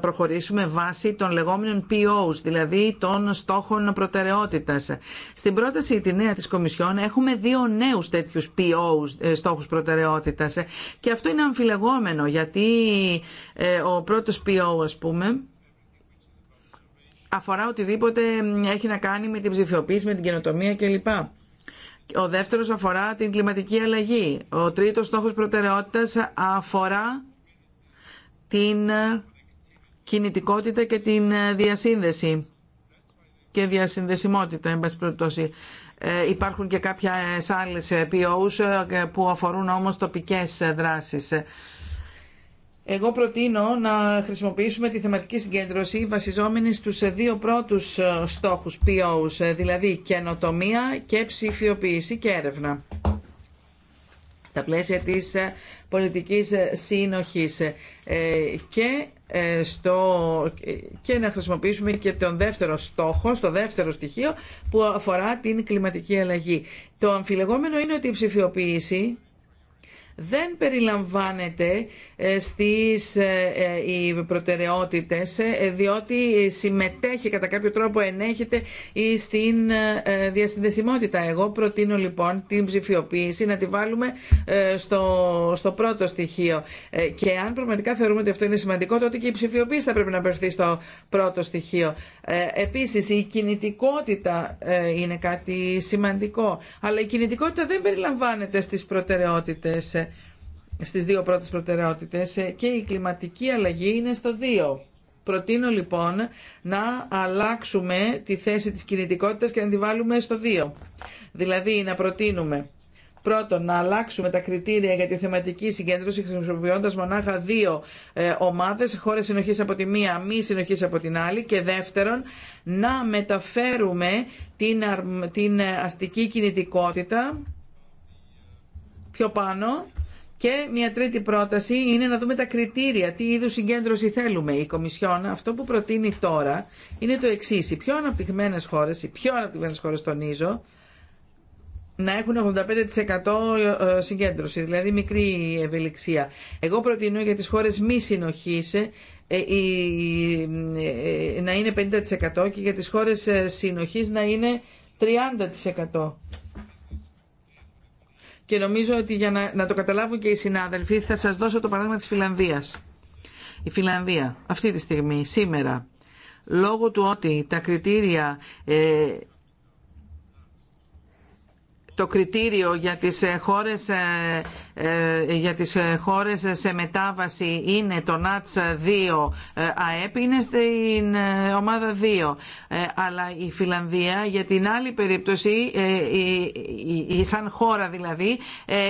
προχωρήσουμε βάσει των λεγόμενων POs, δηλαδή των στόχων προτεραιότητας. Στην πρόταση τη νέα της Κομισιόν έχουμε δύο νέους τέτοιους POs, ε, στόχους προτεραιότητας και αυτό είναι αμφιλεγόμενο γιατί ε, ο πρώτος PO α πούμε αφορά οτιδήποτε έχει να κάνει με την ψηφιοποίηση, με την καινοτομία κλπ. Ο δεύτερος αφορά την κλιματική αλλαγή. Ο τρίτος στόχος προτεραιότητας αφορά την ε, κινητικότητα και την ε, διασύνδεση και διασυνδεσιμότητα, εν πάση Ε, υπάρχουν και κάποιες άλλες POs ε, που αφορούν όμως τοπικές δράσεις. Εγώ προτείνω να χρησιμοποιήσουμε τη θεματική συγκέντρωση βασιζόμενη στους δύο πρώτους ε, στόχους POs, ε, δηλαδή καινοτομία και ψηφιοποίηση και έρευνα. Στα πλαίσια της ε, πολιτικής σύνοχης και, στο, και να χρησιμοποιήσουμε και τον δεύτερο στόχο, στο δεύτερο στοιχείο που αφορά την κλιματική αλλαγή. Το αμφιλεγόμενο είναι ότι η ψηφιοποίηση δεν περιλαμβάνεται ε, στις ε, ε, οι προτεραιότητες διότι συμμετέχει κατά κάποιο τρόπο ενέχεται στην διασυνδεσιμότητα. Εγώ προτείνω λοιπόν την ψηφιοποίηση να τη βάλουμε στο, στο πρώτο στοιχείο και αν πραγματικά θεωρούμε ότι αυτό είναι σημαντικό τότε και η ψηφιοποίηση θα πρέπει να περθεί στο πρώτο στοιχείο. Επίσης η κινητικότητα είναι κάτι σημαντικό αλλά η κινητικότητα δεν περιλαμβάνεται στις προτεραιότητες στις δύο πρώτες προτεραιότητες ε, και η κλιματική αλλαγή είναι στο 2. Προτείνω λοιπόν να αλλάξουμε τη θέση της κινητικότητας και να τη βάλουμε στο 2. Δηλαδή να προτείνουμε πρώτον να αλλάξουμε τα κριτήρια για τη θεματική συγκέντρωση χρησιμοποιώντα μονάχα δύο ε, ομάδε, χώρε συνοχή από τη μία, μη συνοχή από την άλλη. Και δεύτερον, να μεταφέρουμε την, την αστική κινητικότητα πιο πάνω και μια τρίτη πρόταση είναι να δούμε τα κριτήρια, τι είδους συγκέντρωση θέλουμε. Η Κομισιόν αυτό που προτείνει τώρα είναι το εξή. Οι πιο αναπτυγμένε χώρες, οι πιο αναπτυγμένε χώρες τονίζω, να έχουν 85% ε, ε, συγκέντρωση, δηλαδή μικρή ευελιξία. Εγώ προτείνω για τις χώρες μη συνοχής ε, να είναι 50% και για τις χώρες συνοχής να είναι 30% και νομίζω ότι για να, το καταλάβουν και οι συνάδελφοι θα σας δώσω το παράδειγμα της Φιλανδίας. Η Φιλανδία αυτή τη στιγμή, σήμερα, λόγω του ότι τα κριτήρια ε, το κριτήριο για τις ε, χώρες, ε, ε, για τις χώρες σε μετάβαση είναι το ΝΑΤΣ 2 ΑΕΠ, είναι στην ομάδα 2. Αλλά η Φιλανδία για την άλλη περίπτωση, σαν χώρα δηλαδή,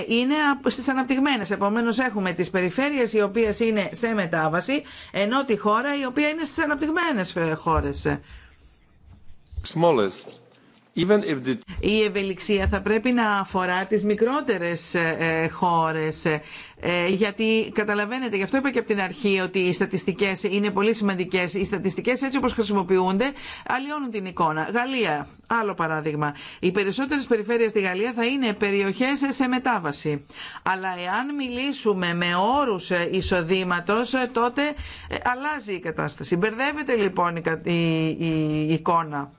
είναι στις αναπτυγμένες. Επομένως έχουμε τις περιφέρειες οι οποίες είναι σε μετάβαση, ενώ τη χώρα η οποία είναι στις αναπτυγμένες χώρες. Smallest. Η ευελιξία θα πρέπει να αφορά τις μικρότερες ε, ε, χώρες ε, γιατί καταλαβαίνετε, γι' αυτό είπα και από την αρχή ότι οι στατιστικές είναι πολύ σημαντικές. Οι στατιστικές έτσι όπως χρησιμοποιούνται αλλοιώνουν την εικόνα. Γαλλία, άλλο παράδειγμα. Οι περισσότερες περιφέρειες στη Γαλλία θα είναι περιοχές σε μετάβαση. Αλλά εάν μιλήσουμε με όρους εισοδήματος τότε αλλάζει η κατάσταση. Μπερδεύεται λοιπόν η εικόνα.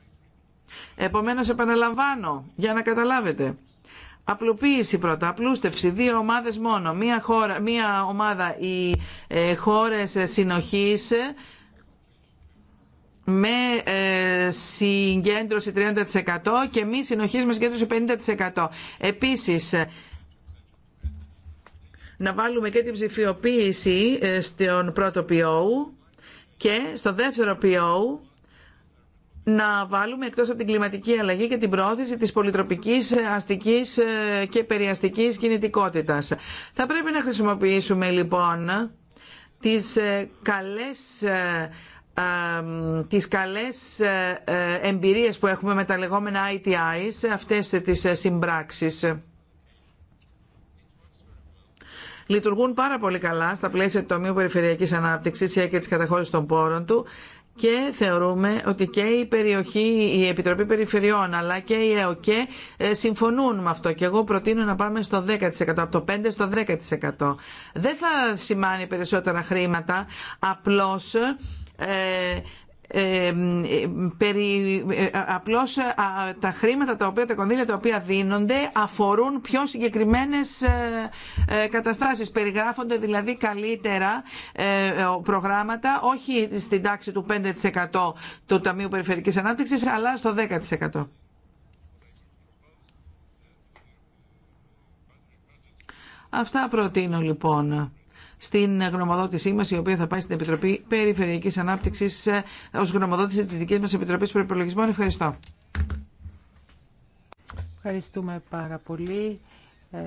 Επομένως επαναλαμβάνω για να καταλάβετε. Απλοποίηση πρώτα, απλούστευση, δύο ομάδες μόνο, μία, χώρα, μία ομάδα οι ε, χώρες συνοχής με ε, συγκέντρωση 30% και μη συνοχής με συγκέντρωση 50%. Επίσης, να βάλουμε και την ψηφιοποίηση ε, στον πρώτο ποιόου και στο δεύτερο ποιόου να βάλουμε εκτός από την κλιματική αλλαγή και την πρόθεση της πολυτροπικής, αστικής ε, και περιαστικής κινητικότητας. Θα πρέπει να χρησιμοποιήσουμε λοιπόν τις ε, καλές ε, τις καλές εμπειρίες που έχουμε με τα λεγόμενα σε αυτές τις συμπράξεις. Λειτουργούν πάρα πολύ καλά στα πλαίσια του Τομείου Περιφερειακής Ανάπτυξης και της καταχώρησης των πόρων του και θεωρούμε ότι και η περιοχή, η Επιτροπή Περιφερειών αλλά και η ΕΟΚΕ ε, συμφωνούν με αυτό και εγώ προτείνω να πάμε στο 10% από το 5% στο 10%. Δεν θα σημάνει περισσότερα χρήματα, απλώς ε, ε, περί, ε, ε, απλώς ε, τα χρήματα τα οποία, τα κονδύλια τα οποία δίνονται αφορούν πιο συγκεκριμένες καταστάσεις. Περιγράφονται δηλαδή καλύτερα προγράμματα όχι στην τάξη του 5% του Ταμείου Περιφερικής Ανάπτυξης αλλά στο 10%. Αυτά προτείνω λοιπόν στην γνωμοδότησή μα, η οποία θα πάει στην Επιτροπή Περιφερειακή Ανάπτυξη ε, ω γνωμοδότηση τη δική μα Επιτροπή Προπολογισμών. Ευχαριστώ. Ευχαριστούμε πάρα πολύ. Ε,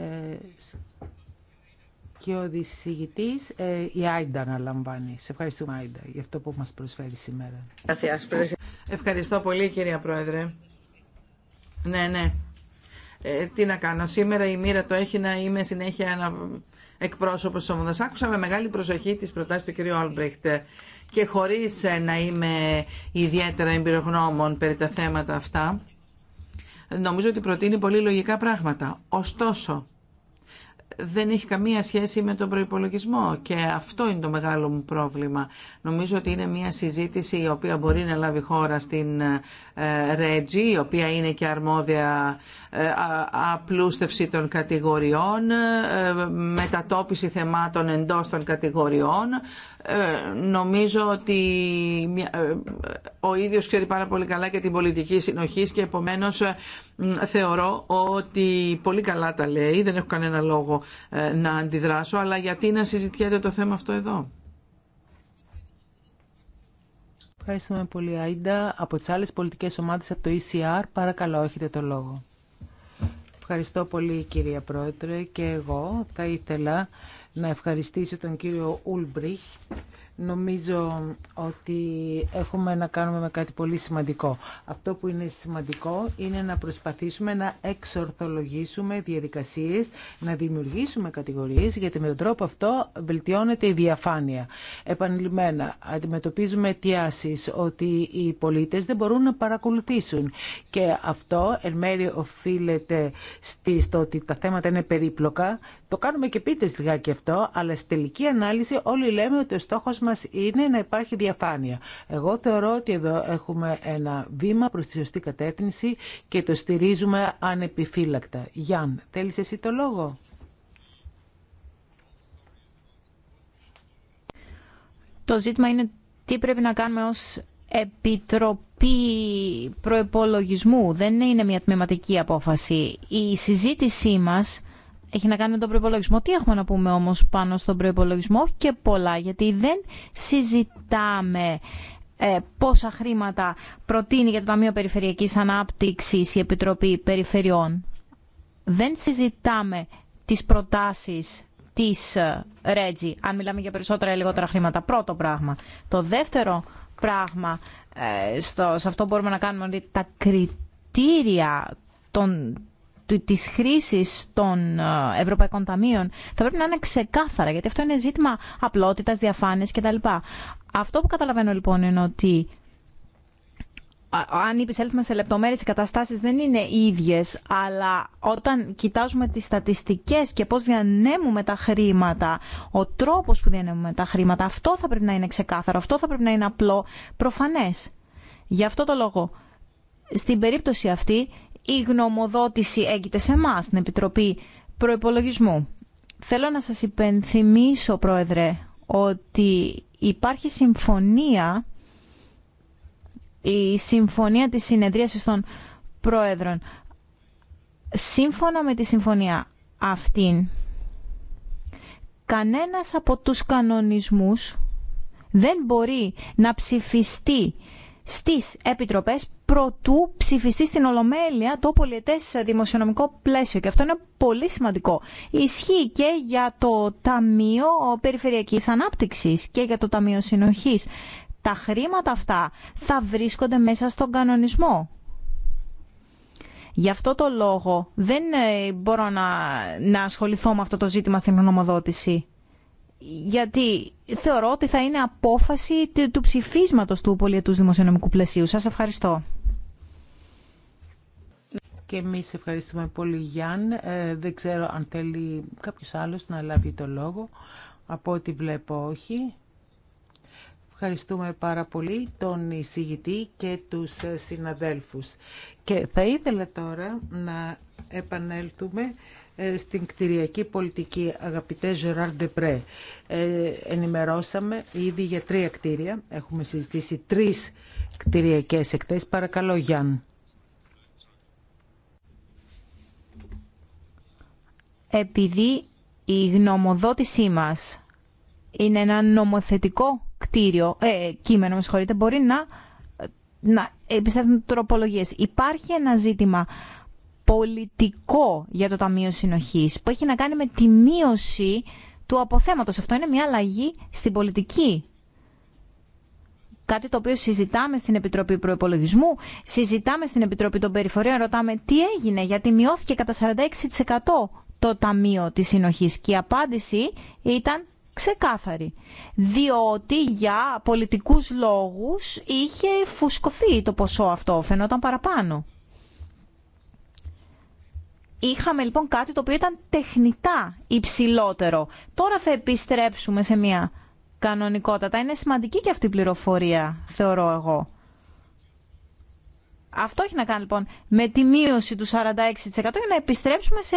και ο ε, η Άιντα να λαμβάνει. Σε ευχαριστούμε Άιντα για αυτό που μα προσφέρει σήμερα. Ευχαριστώ πολύ κυρία Πρόεδρε. Ναι, ναι. Ε, τι να κάνω. Σήμερα η μοίρα το έχει να είμαι συνέχεια Εκπρόσωπο, τη ομάδα. Άκουσα με μεγάλη προσοχή τις προτάσει του κ. Όλμπρεχτ και χωρί ε, να είμαι ιδιαίτερα εμπειρογνώμων περί τα θέματα αυτά, νομίζω ότι προτείνει πολύ λογικά πράγματα. Ωστόσο, δεν έχει καμία σχέση με τον προϋπολογισμό και αυτό είναι το μεγάλο μου πρόβλημα. Νομίζω ότι είναι μια συζήτηση η οποία μπορεί να λάβει χώρα στην ε, ΡΕΤΖΙ, η οποία είναι και αρμόδια ε, απλούστευση των κατηγοριών, ε, μετατόπιση θεμάτων εντός των κατηγοριών, ε, νομίζω ότι ε, ο ίδιος ξέρει πάρα πολύ καλά και την πολιτική συνοχή και επομένως ε, θεωρώ ότι πολύ καλά τα λέει, δεν έχω κανένα λόγο να αντιδράσω, αλλά γιατί να συζητιέται το θέμα αυτό εδώ. Ευχαριστούμε πολύ, Άιντα. Από τις άλλες πολιτικές ομάδες, από το ECR, παρακαλώ, έχετε το λόγο. Ευχαριστώ πολύ, κυρία Πρόεδρε, και εγώ θα ήθελα να ευχαριστήσω τον κύριο Ούλμπριχ. Νομίζω ότι έχουμε να κάνουμε με κάτι πολύ σημαντικό. Αυτό που είναι σημαντικό είναι να προσπαθήσουμε να εξορθολογήσουμε διαδικασίες, να δημιουργήσουμε κατηγορίες, γιατί με τον τρόπο αυτό βελτιώνεται η διαφάνεια. Επανειλημμένα, αντιμετωπίζουμε αιτιάσεις ότι οι πολίτες δεν μπορούν να παρακολουθήσουν. Και αυτό εν μέρει οφείλεται στο ότι τα θέματα είναι περίπλοκα, το κάνουμε και πείτε λιγάκι αυτό, αλλά στη τελική ανάλυση όλοι λέμε ότι ο στόχος μας είναι να υπάρχει διαφάνεια. Εγώ θεωρώ ότι εδώ έχουμε ένα βήμα προς τη σωστή κατεύθυνση και το στηρίζουμε ανεπιφύλακτα. Γιάν, θέλει εσύ το λόγο? Το ζήτημα είναι τι πρέπει να κάνουμε ως Επιτροπή Προεπολογισμού. Δεν είναι μια τμηματική απόφαση. Η συζήτησή μας έχει να κάνει με τον προπολογισμό. Τι έχουμε να πούμε όμως πάνω στον προπολογισμό και πολλά, γιατί δεν συζητάμε ε, πόσα χρήματα προτείνει για το Ταμείο περιφερειακή ανάπτυξη η Επιτροπή Περιφερειών. Δεν συζητάμε τις προτάσεις τη ε, Ρέτζη, αν μιλάμε για περισσότερα ή λιγότερα χρήματα. Πρώτο πράγμα. Το δεύτερο πράγμα, ε, σε αυτό μπορούμε να κάνουμε ότι δηλαδή τα κριτήρια των της χρήσης των ε, Ευρωπαϊκών Ταμείων θα πρέπει να είναι ξεκάθαρα, γιατί αυτό είναι ζήτημα απλότητας, διαφάνειας κτλ. Αυτό που καταλαβαίνω λοιπόν είναι ότι αν έλθουμε σε λεπτομέρειε οι καταστάσεις δεν είναι ίδιε, αλλά όταν κοιτάζουμε τι στατιστικέ και πώ διανέμουμε τα χρήματα, ο τρόπο που διανέμουμε τα χρήματα, αυτό θα πρέπει να είναι ξεκάθαρο, αυτό θα πρέπει να είναι απλό, προφανέ. Γι' αυτό το λόγο, στην περίπτωση αυτή, η γνωμοδότηση έγκυται σε εμά, στην Επιτροπή Προϋπολογισμού. Θέλω να σας υπενθυμίσω, Πρόεδρε, ότι υπάρχει συμφωνία, η συμφωνία της συνεδρίασης των Πρόεδρων. Σύμφωνα με τη συμφωνία αυτήν, κανένας από τους κανονισμούς δεν μπορεί να ψηφιστεί στις επιτροπές προτού ψηφιστεί στην Ολομέλεια το πολιετές δημοσιονομικό πλαίσιο. Και αυτό είναι πολύ σημαντικό. Ισχύει και για το Ταμείο Περιφερειακής Ανάπτυξης και για το Ταμείο Συνοχής. Τα χρήματα αυτά θα βρίσκονται μέσα στον κανονισμό. Γι' αυτό το λόγο δεν ε, μπορώ να, να ασχοληθώ με αυτό το ζήτημα στην ονομοδότηση. Γιατί θεωρώ ότι θα είναι απόφαση του ψηφίσματος του πολιετούς δημοσιονομικού πλαισίου. Σας ευχαριστώ. Και εμεί ευχαριστούμε πολύ Γιάν. Ε, δεν ξέρω αν θέλει κάποιο άλλο να λάβει το λόγο. Από ό,τι βλέπω όχι. Ευχαριστούμε πάρα πολύ τον εισηγητή και τους συναδέλφους. Και θα ήθελα τώρα να επανέλθουμε ε, στην κτηριακή πολιτική, αγαπητέ Ζεράρ Ντεπρέ. ενημερώσαμε ήδη για τρία κτίρια. Έχουμε συζητήσει τρεις κτηριακές εκθέσεις. Παρακαλώ, Γιάννη. επειδή η γνωμοδότησή μας είναι ένα νομοθετικό κτίριο, ε, κείμενο, με συγχωρείτε, μπορεί να, να επιστρέφουν τροπολογίες. Υπάρχει ένα ζήτημα πολιτικό για το Ταμείο Συνοχής που έχει να κάνει με τη μείωση του αποθέματος. Αυτό είναι μια αλλαγή στην πολιτική. Κάτι το οποίο συζητάμε στην Επιτροπή Προπολογισμού, συζητάμε στην Επιτροπή των Περιφορίων, ρωτάμε τι έγινε, γιατί μειώθηκε κατά 46% το Ταμείο της Συνοχής και η απάντηση ήταν ξεκάθαρη. Διότι για πολιτικούς λόγους είχε φουσκωθεί το ποσό αυτό, φαινόταν παραπάνω. Είχαμε λοιπόν κάτι το οποίο ήταν τεχνητά υψηλότερο. Τώρα θα επιστρέψουμε σε μια κανονικότατα. Είναι σημαντική και αυτή η πληροφορία, θεωρώ εγώ. Αυτό έχει να κάνει λοιπόν με τη μείωση του 46% για να επιστρέψουμε σε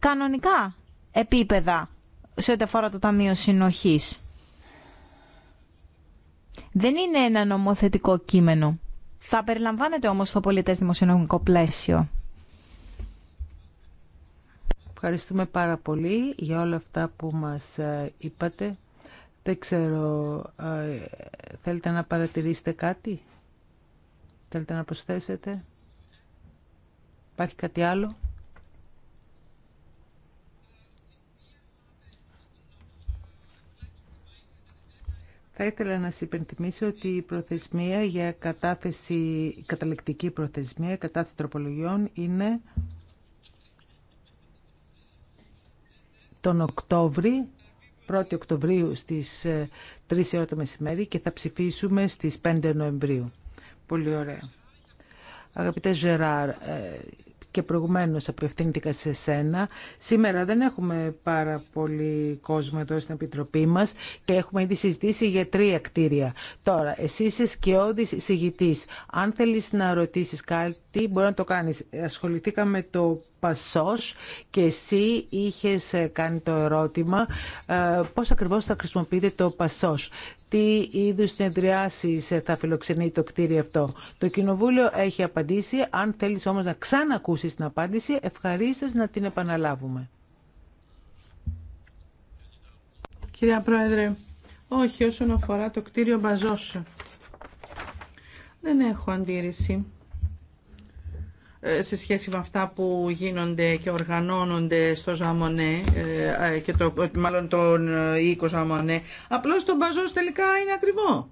κανονικά επίπεδα σε ό,τι αφορά το Ταμείο Συνοχής. Δεν είναι ένα νομοθετικό κείμενο. Θα περιλαμβάνεται όμως στο πολιτές δημοσιονομικό πλαίσιο. Ευχαριστούμε πάρα πολύ για όλα αυτά που μας ε, είπατε. Δεν ξέρω, ε, θέλετε να παρατηρήσετε κάτι, θέλετε να προσθέσετε, υπάρχει κάτι άλλο. Θα ήθελα να σας υπενθυμίσω ότι η προθεσμία για κατάθεση, η καταληκτική προθεσμία, η κατάθεση τροπολογιών είναι τον Οκτώβρη, 1η Οκτωβρίου στις 3 ε, ώρα το μεσημέρι και θα ψηφίσουμε στις 5 Νοεμβρίου. Πολύ ωραία. Αγαπητέ Ζεράρ, ε, και προηγουμένως απευθύνθηκα σε σένα. Σήμερα δεν έχουμε πάρα πολύ κόσμο εδώ στην Επιτροπή μας και έχουμε ήδη συζητήσει για τρία κτίρια. Τώρα, εσύ είσαι σκιώδης συγητής. Αν θέλεις να ρωτήσεις κάτι, μπορεί να το κάνεις. Ασχοληθήκαμε το Πασός και εσύ είχες ε, κάνει το ερώτημα ε, πώς ακριβώς θα χρησιμοποιείτε το Πασός. Τι είδου συνεδριάσει ε, θα φιλοξενεί το κτίριο αυτό. Το Κοινοβούλιο έχει απαντήσει. Αν θέλει όμω να ξανακούσει την απάντηση, ευχαρίστω να την επαναλάβουμε. Κυρία Πρόεδρε, όχι όσον αφορά το κτίριο Μπαζός. Δεν έχω αντίρρηση. Ε, σε σχέση με αυτά που γίνονται και οργανώνονται στο Ζαμονέ ε, ε, και το, μάλλον τον οίκο Ζαμονέ απλώς το μπαζός τελικά είναι ακριβό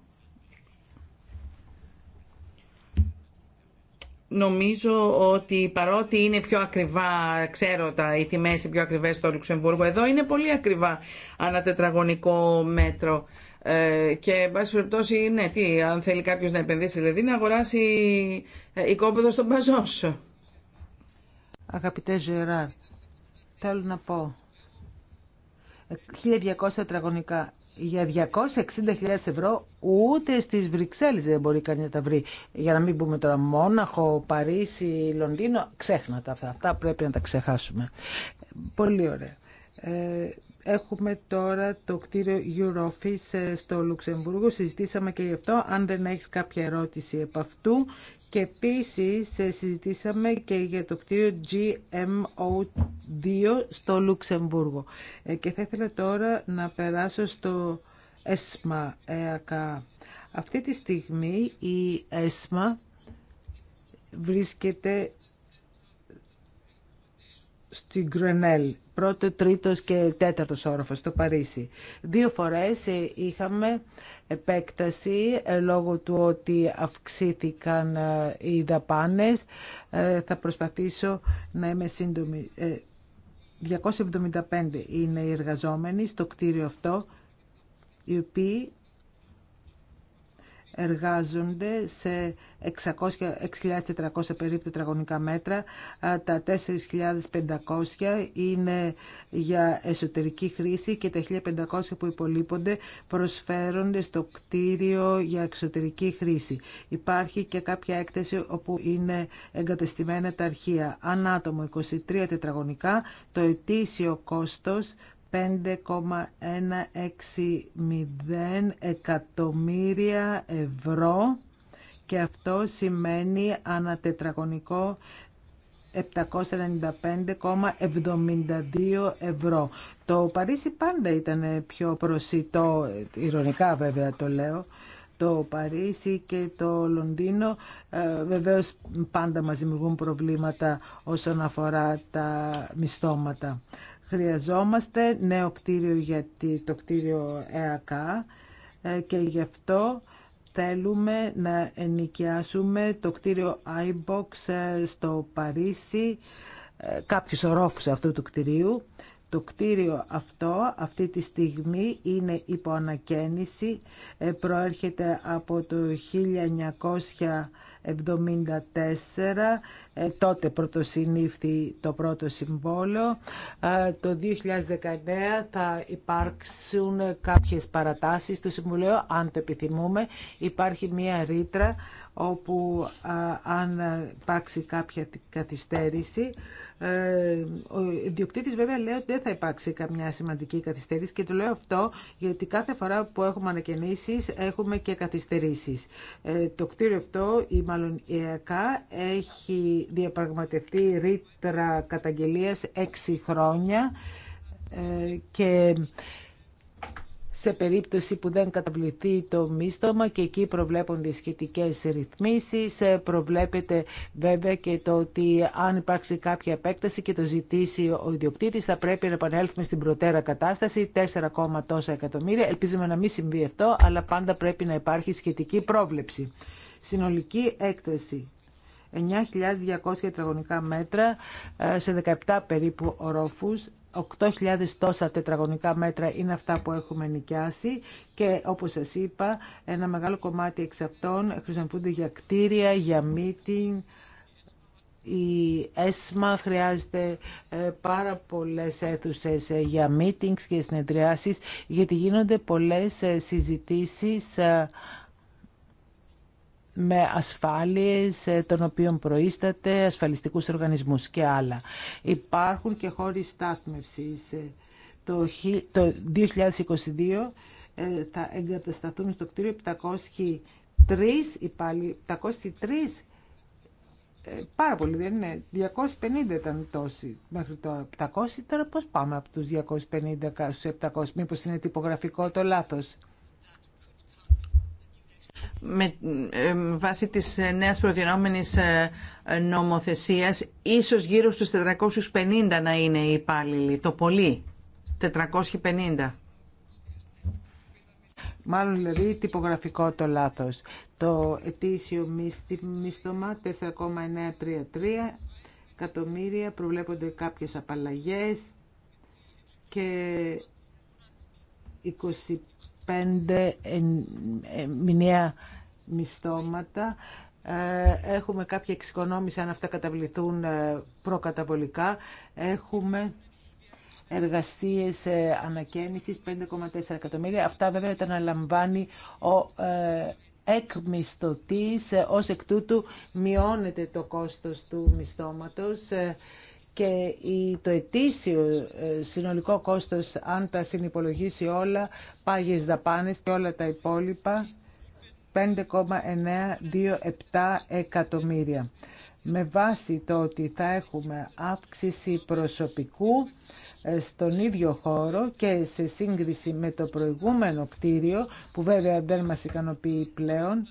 Νομίζω ότι παρότι είναι πιο ακριβά, ξέρω τα οι τιμές οι πιο ακριβές στο Λουξεμβούργο, εδώ είναι πολύ ακριβά ανά τετραγωνικό μέτρο. Ε, και εν πάση περιπτώσει, ναι, τι, αν θέλει κάποιο να επενδύσει, δηλαδή να αγοράσει ε, οικόπεδο στον σου. Αγαπητέ Ζεράρ, θέλω να πω, 1200 ε, τετραγωνικά για 260.000 ευρώ ούτε στις Βρυξέλλες δεν μπορεί κανείς να τα βρει. Για να μην πούμε τώρα Μόναχο, Παρίσι, Λονδίνο, Ξέχνατε αυτά. Αυτά πρέπει να τα ξεχάσουμε. Πολύ ωραία. Ε, Έχουμε τώρα το κτίριο Eurofis ε, στο Λουξεμβούργο. Συζητήσαμε και γι' αυτό. Αν δεν έχεις κάποια ερώτηση επ' αυτού. Και επίσης ε, συζητήσαμε και για το κτίριο GMO2 στο Λουξεμβούργο. Ε, και θα ήθελα τώρα να περάσω στο ΕΣΜΑ. Αυτή τη στιγμή η ΕΣΜΑ βρίσκεται στην Κρενέλ, πρώτο, τρίτος και τέταρτος όροφο στο Παρίσι. Δύο φορές ε, είχαμε επέκταση ε, λόγω του ότι αυξήθηκαν ε, οι δαπάνες. Θα προσπαθήσω να είμαι σύντομη. 275 είναι οι εργαζόμενοι στο κτίριο αυτό, οι οποίοι εργάζονται σε 6.400 περίπου τετραγωνικά μέτρα. Τα 4.500 είναι για εσωτερική χρήση και τα 1.500 που υπολείπονται προσφέρονται στο κτίριο για εξωτερική χρήση. Υπάρχει και κάποια έκθεση όπου είναι εγκατεστημένα τα αρχεία. Ανάτομο 23 τετραγωνικά, το ετήσιο κόστος 5,160 εκατομμύρια ευρώ και αυτό σημαίνει ανά τετραγωνικό 795,72 ευρώ. Το Παρίσι πάντα ήταν πιο προσιτό, ηρωνικά βέβαια το λέω, το Παρίσι και το Λονδίνο ε, βεβαίως πάντα μας δημιουργούν προβλήματα όσον αφορά τα μισθώματα. Χρειαζόμαστε νέο κτίριο για το κτίριο ΕΑΚΑ ε, και γι' αυτό θέλουμε να ενοικιάσουμε το κτίριο iBox ε, στο Παρίσι, ε, κάποιους ορόφους αυτού του κτιρίου. Το κτίριο αυτό αυτή τη στιγμή είναι υπό ανακαίνιση, προέρχεται από το 1900 74 ε, τότε πρωτοσυνήφθη το πρώτο συμβόλαιο. Ε, το 2019 θα υπάρξουν κάποιες παρατάσεις του Συμβουλίου αν το επιθυμούμε. Υπάρχει μία ρήτρα όπου ε, αν υπάρξει κάποια καθυστέρηση ο ιδιοκτήτης βέβαια λέει ότι δεν θα υπάρξει καμιά σημαντική καθυστέρηση και το λέω αυτό γιατί κάθε φορά που έχουμε ανακαινήσεις έχουμε και καθυστερήσεις. το κτίριο αυτό, μάλλον η ΕΚΑ έχει διαπραγματευτεί ρήτρα καταγγελίας έξι χρόνια ε, και σε περίπτωση που δεν καταβληθεί το μίστομα και εκεί προβλέπονται σχετικές ρυθμίσεις. Ε, προβλέπεται βέβαια και το ότι αν υπάρξει κάποια επέκταση και το ζητήσει ο ιδιοκτήτης θα πρέπει να επανέλθουμε στην προτέρα κατάσταση 4, τόσα εκατομμύρια. Ελπίζουμε να μην συμβεί αυτό, αλλά πάντα πρέπει να υπάρχει σχετική πρόβλεψη. Συνολική έκταση 9.200 τετραγωνικά μέτρα ε, σε 17 περίπου ορόφους. 8.000 τόσα τετραγωνικά μέτρα είναι αυτά που έχουμε νοικιάσει και όπως σας είπα ένα μεγάλο κομμάτι εξ αυτών χρησιμοποιούνται για κτίρια, για meeting, η ΕΣΜΑ χρειάζεται ε, πάρα πολλές αίθουσες ε, για meetings και συνεδριάσεις γιατί γίνονται πολλές συζητήσεις με ασφάλειες ε, των οποίων προείσταται, ασφαλιστικούς οργανισμούς και άλλα. Υπάρχουν και χώροι στάθμευσης. Ε, το 2022 ε, θα εγκατασταθούν στο κτίριο 703 υπάλληλοι, 703 πάρα πολύ, δεν είναι. 250 ήταν τόσοι μέχρι τώρα. 700, τώρα πώς πάμε από τους 250 στους 700. Μήπως είναι τυπογραφικό το λάθος. Ε, με βάση της ε, νέας προτινόμενης ε, νομοθεσίας ίσως γύρω στους 450 να είναι οι υπάλληλοι, το πολύ, 450. Μάλλον δηλαδή τυπογραφικό το λάθος. Το ετήσιο μίστομα 4,933 εκατομμύρια προβλέπονται κάποιες απαλλαγές και Πέντε ε, μηνιαία μισθώματα. Ε, έχουμε κάποια εξοικονόμηση αν αυτά καταβληθούν ε, προκαταβολικά. Έχουμε εργασίες ανακαίνησης 5,4 εκατομμύρια. Αυτά βέβαια τα αναλαμβάνει ο εκμισθωτής. Ως εκ τούτου μειώνεται το κόστος του μισθώματος και το ετήσιο ε, συνολικό κόστος, αν τα συνυπολογίσει όλα, πάγιες δαπάνες και όλα τα υπόλοιπα, 5,927 εκατομμύρια. Με βάση το ότι θα έχουμε αύξηση προσωπικού ε, στον ίδιο χώρο και σε σύγκριση με το προηγούμενο κτίριο, που βέβαια δεν μας ικανοποιεί πλέον,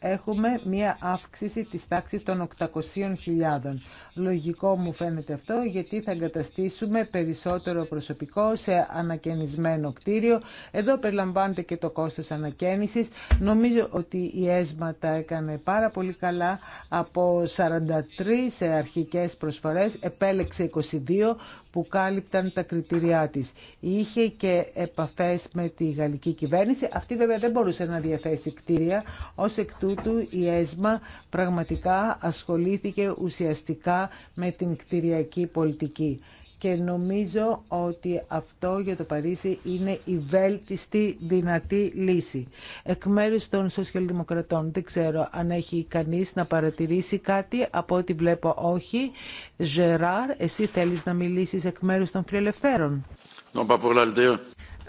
έχουμε μία αύξηση της τάξης των 800.000. Λογικό μου φαίνεται αυτό γιατί θα εγκαταστήσουμε περισσότερο προσωπικό σε ανακαινισμένο κτίριο. Εδώ περιλαμβάνεται και το κόστος ανακαίνησης. Νομίζω ότι η ΕΣΜΑ τα έκανε πάρα πολύ καλά. Από 43 αρχικές προσφορές επέλεξε 22 που κάλυπταν τα κριτήριά της. Είχε και επαφές με τη γαλλική κυβέρνηση. Αυτή βέβαια δεν μπορούσε να διαθέσει κτίρια. Ως εκ τούτου η ΕΣΜΑ πραγματικά ασχολήθηκε ουσιαστικά με την κτηριακή πολιτική. Και νομίζω ότι αυτό για το Παρίσι είναι η βέλτιστη δυνατή λύση. Εκ μέρους των σοσιαλδημοκρατών δεν ξέρω αν έχει κανείς να παρατηρήσει κάτι. Από ό,τι βλέπω όχι. Ζεράρ, εσύ θέλεις να μιλήσεις εκ μέρους των φιλελευθέρων.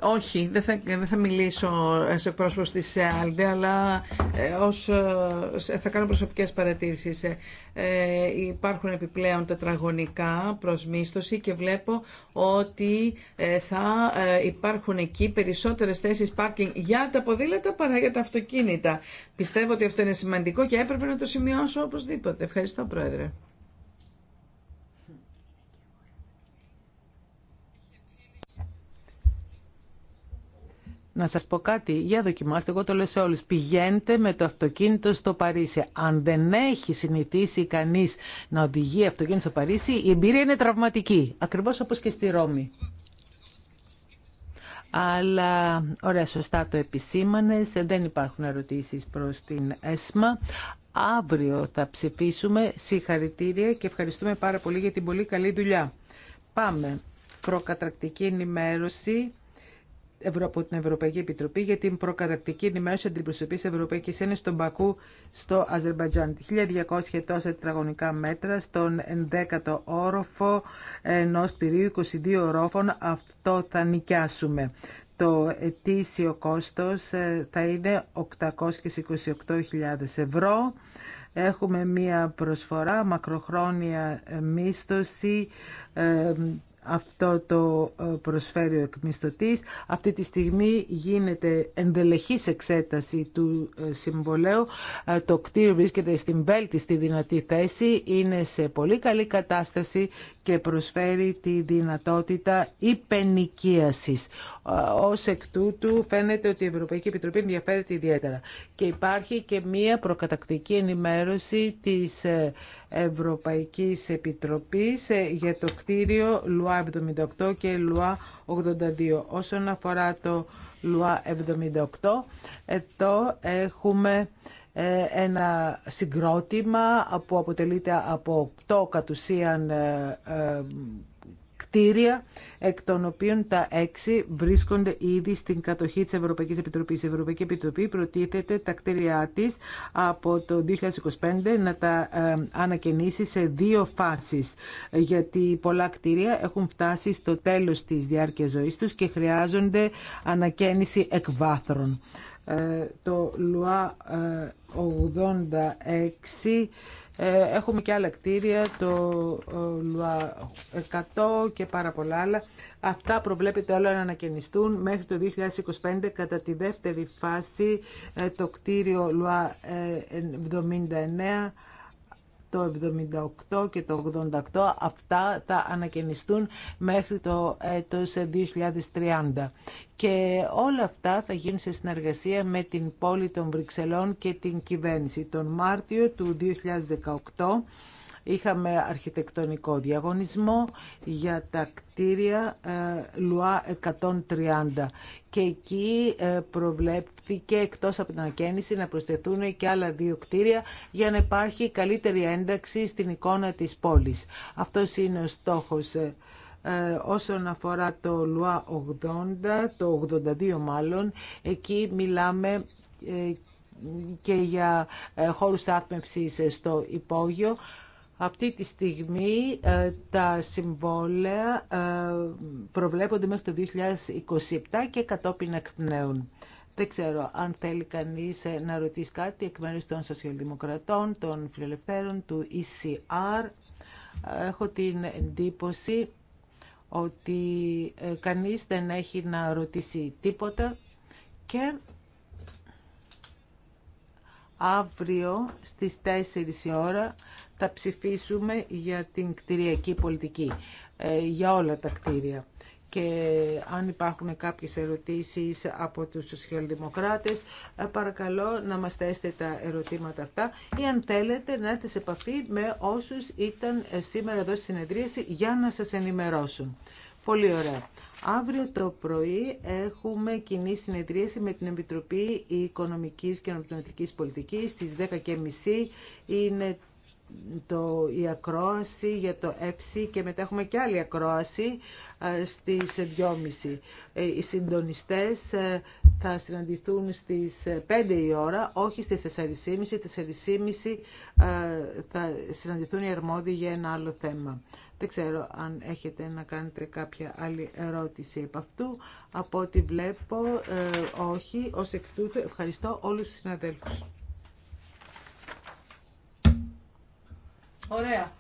Όχι, δεν θα, δεν θα μιλήσω σε πρόσωπο τη ΑΛΔΕ, αλλά ε, ως, ε, θα κάνω προσωπικές παρατήρησει. Ε, ε, υπάρχουν επιπλέον τετραγωνικά προ και βλέπω ότι θα υπάρχουν εκεί περισσότερες θέσεις πάρκινγκ για τα ποδήλατα παρά για τα αυτοκίνητα. Πιστεύω ότι αυτό είναι σημαντικό και έπρεπε να το σημειώσω οπωσδήποτε. Ευχαριστώ, Πρόεδρε. Να σας πω κάτι, για δοκιμάστε, εγώ το λέω σε όλους. Πηγαίνετε με το αυτοκίνητο στο Παρίσι. Αν δεν έχει συνηθίσει κανείς να οδηγεί αυτοκίνητο στο Παρίσι, η εμπειρία είναι τραυματική. Ακριβώς όπως και στη Ρώμη. Αλλά, ωραία, σωστά το επισήμανες. Δεν υπάρχουν ερωτήσεις προς την ΕΣΜΑ. Αύριο θα ψηφίσουμε. Συγχαρητήρια και ευχαριστούμε πάρα πολύ για την πολύ καλή δουλειά. Πάμε. Προκατρακτική ενημέρωση από την Ευρωπαϊκή Επιτροπή για την προκατακτική ενημέρωση αντιπροσωπής Ευρωπαϊκής Ένωσης στον Πακού στο Αζερμπαϊτζάν. 1.200 τόσα τετραγωνικά μέτρα στον 11ο όροφο ενό κτηρίου 22 ορόφων. Αυτό θα νοικιάσουμε. Το ετήσιο κόστος ε, θα είναι 828.000 ευρώ. Έχουμε μία προσφορά, μακροχρόνια μίσθωση ε, αυτό το ε, προσφέρει ο Αυτή τη στιγμή γίνεται ενδελεχής εξέταση του ε, συμβολέου. Ε, το κτίριο βρίσκεται στην στη δυνατή θέση, είναι σε πολύ καλή κατάσταση και προσφέρει τη δυνατότητα υπενικίασης. Ως εκ τούτου φαίνεται ότι η Ευρωπαϊκή Επιτροπή ενδιαφέρεται ιδιαίτερα. Και υπάρχει και μία προκατακτική ενημέρωση της Ευρωπαϊκής Επιτροπής για το κτίριο Λουά 78 και Λουά 82. Όσον αφορά το Λουά 78, εδώ έχουμε ε, ένα συγκρότημα που αποτελείται από 8 κατ' ε, ε, κτίρια, εκ των οποίων τα έξι βρίσκονται ήδη στην κατοχή της Ευρωπαϊκής Επιτροπής. Η Ευρωπαϊκή Επιτροπή προτίθεται τα κτίρια της από το 2025 να τα ε, ανακαινήσει σε δύο φάσεις, γιατί πολλά κτίρια έχουν φτάσει στο τέλος της διάρκειας ζωής τους και χρειάζονται ανακαίνιση εκβάθρων. Ε, το ΛΟΑ ε, 86 ε, έχουμε και άλλα κτίρια, το 100 και πάρα πολλά άλλα. Αυτά προβλέπεται όλα να ανακαινιστούν μέχρι το 2025 κατά τη δεύτερη φάση ε, το κτίριο ΛΟΑ 79 ε, το 78 και το 88 αυτά θα ανακαινιστούν μέχρι το έτος 2030. Και όλα αυτά θα γίνουν σε συνεργασία με την πόλη των Βρυξελών και την κυβέρνηση. Τον Μάρτιο του 2018 Είχαμε αρχιτεκτονικό διαγωνισμό για τα κτίρια ε, ΛΟΑ 130 και εκεί ε, προβλέπθηκε εκτός από την ανακαίνιση να προσθεθούν και άλλα δύο κτίρια για να υπάρχει καλύτερη ένταξη στην εικόνα της πόλης. Αυτός είναι ο στόχος ε, όσον αφορά το ΛΟΑ 80, το 82 μάλλον, εκεί μιλάμε και για χώρους άθμευσης στο υπόγειο. Αυτή τη στιγμή ε, τα συμβόλαια ε, προβλέπονται μέχρι το 2027 και κατόπιν εκπνέουν. Δεν ξέρω αν θέλει κανείς ε, να ρωτήσει κάτι εκ μέρους των σοσιαλδημοκρατών, των φιλελευθέρων, του ECR. Έχω την εντύπωση ότι κανείς δεν έχει να ρωτήσει τίποτα και αύριο στις 4 η ώρα θα ψηφίσουμε για την κτηριακή πολιτική, ε, για όλα τα κτίρια. Και αν υπάρχουν κάποιες ερωτήσεις από τους σοσιαλδημοκράτες, ε, παρακαλώ να μας θέσετε τα ερωτήματα αυτά ή αν θέλετε να έρθετε σε επαφή με όσους ήταν ε, σήμερα εδώ στη συνεδρίαση για να σας ενημερώσουν. Πολύ ωραία. Αύριο το πρωί έχουμε κοινή συνεδρίαση με την Επιτροπή Οικονομικής και Αναπτυματικής Πολιτικής στις 10.30. Είναι το, η ακρόαση για το ΕΨΙ και μετά έχουμε και άλλη ακρόαση στις 2.30. Ε, οι συντονιστές ε, θα συναντηθούν στις 5 ε, η ώρα, όχι στις 4.30. 4.30 θα συναντηθούν οι αρμόδιοι για ένα άλλο θέμα. Δεν ξέρω αν έχετε να κάνετε κάποια άλλη ερώτηση από αυτού. Από ό,τι βλέπω, όχι. Ως εκ τούτου, ευχαριστώ όλους τους συναδέλφους. Ωραία.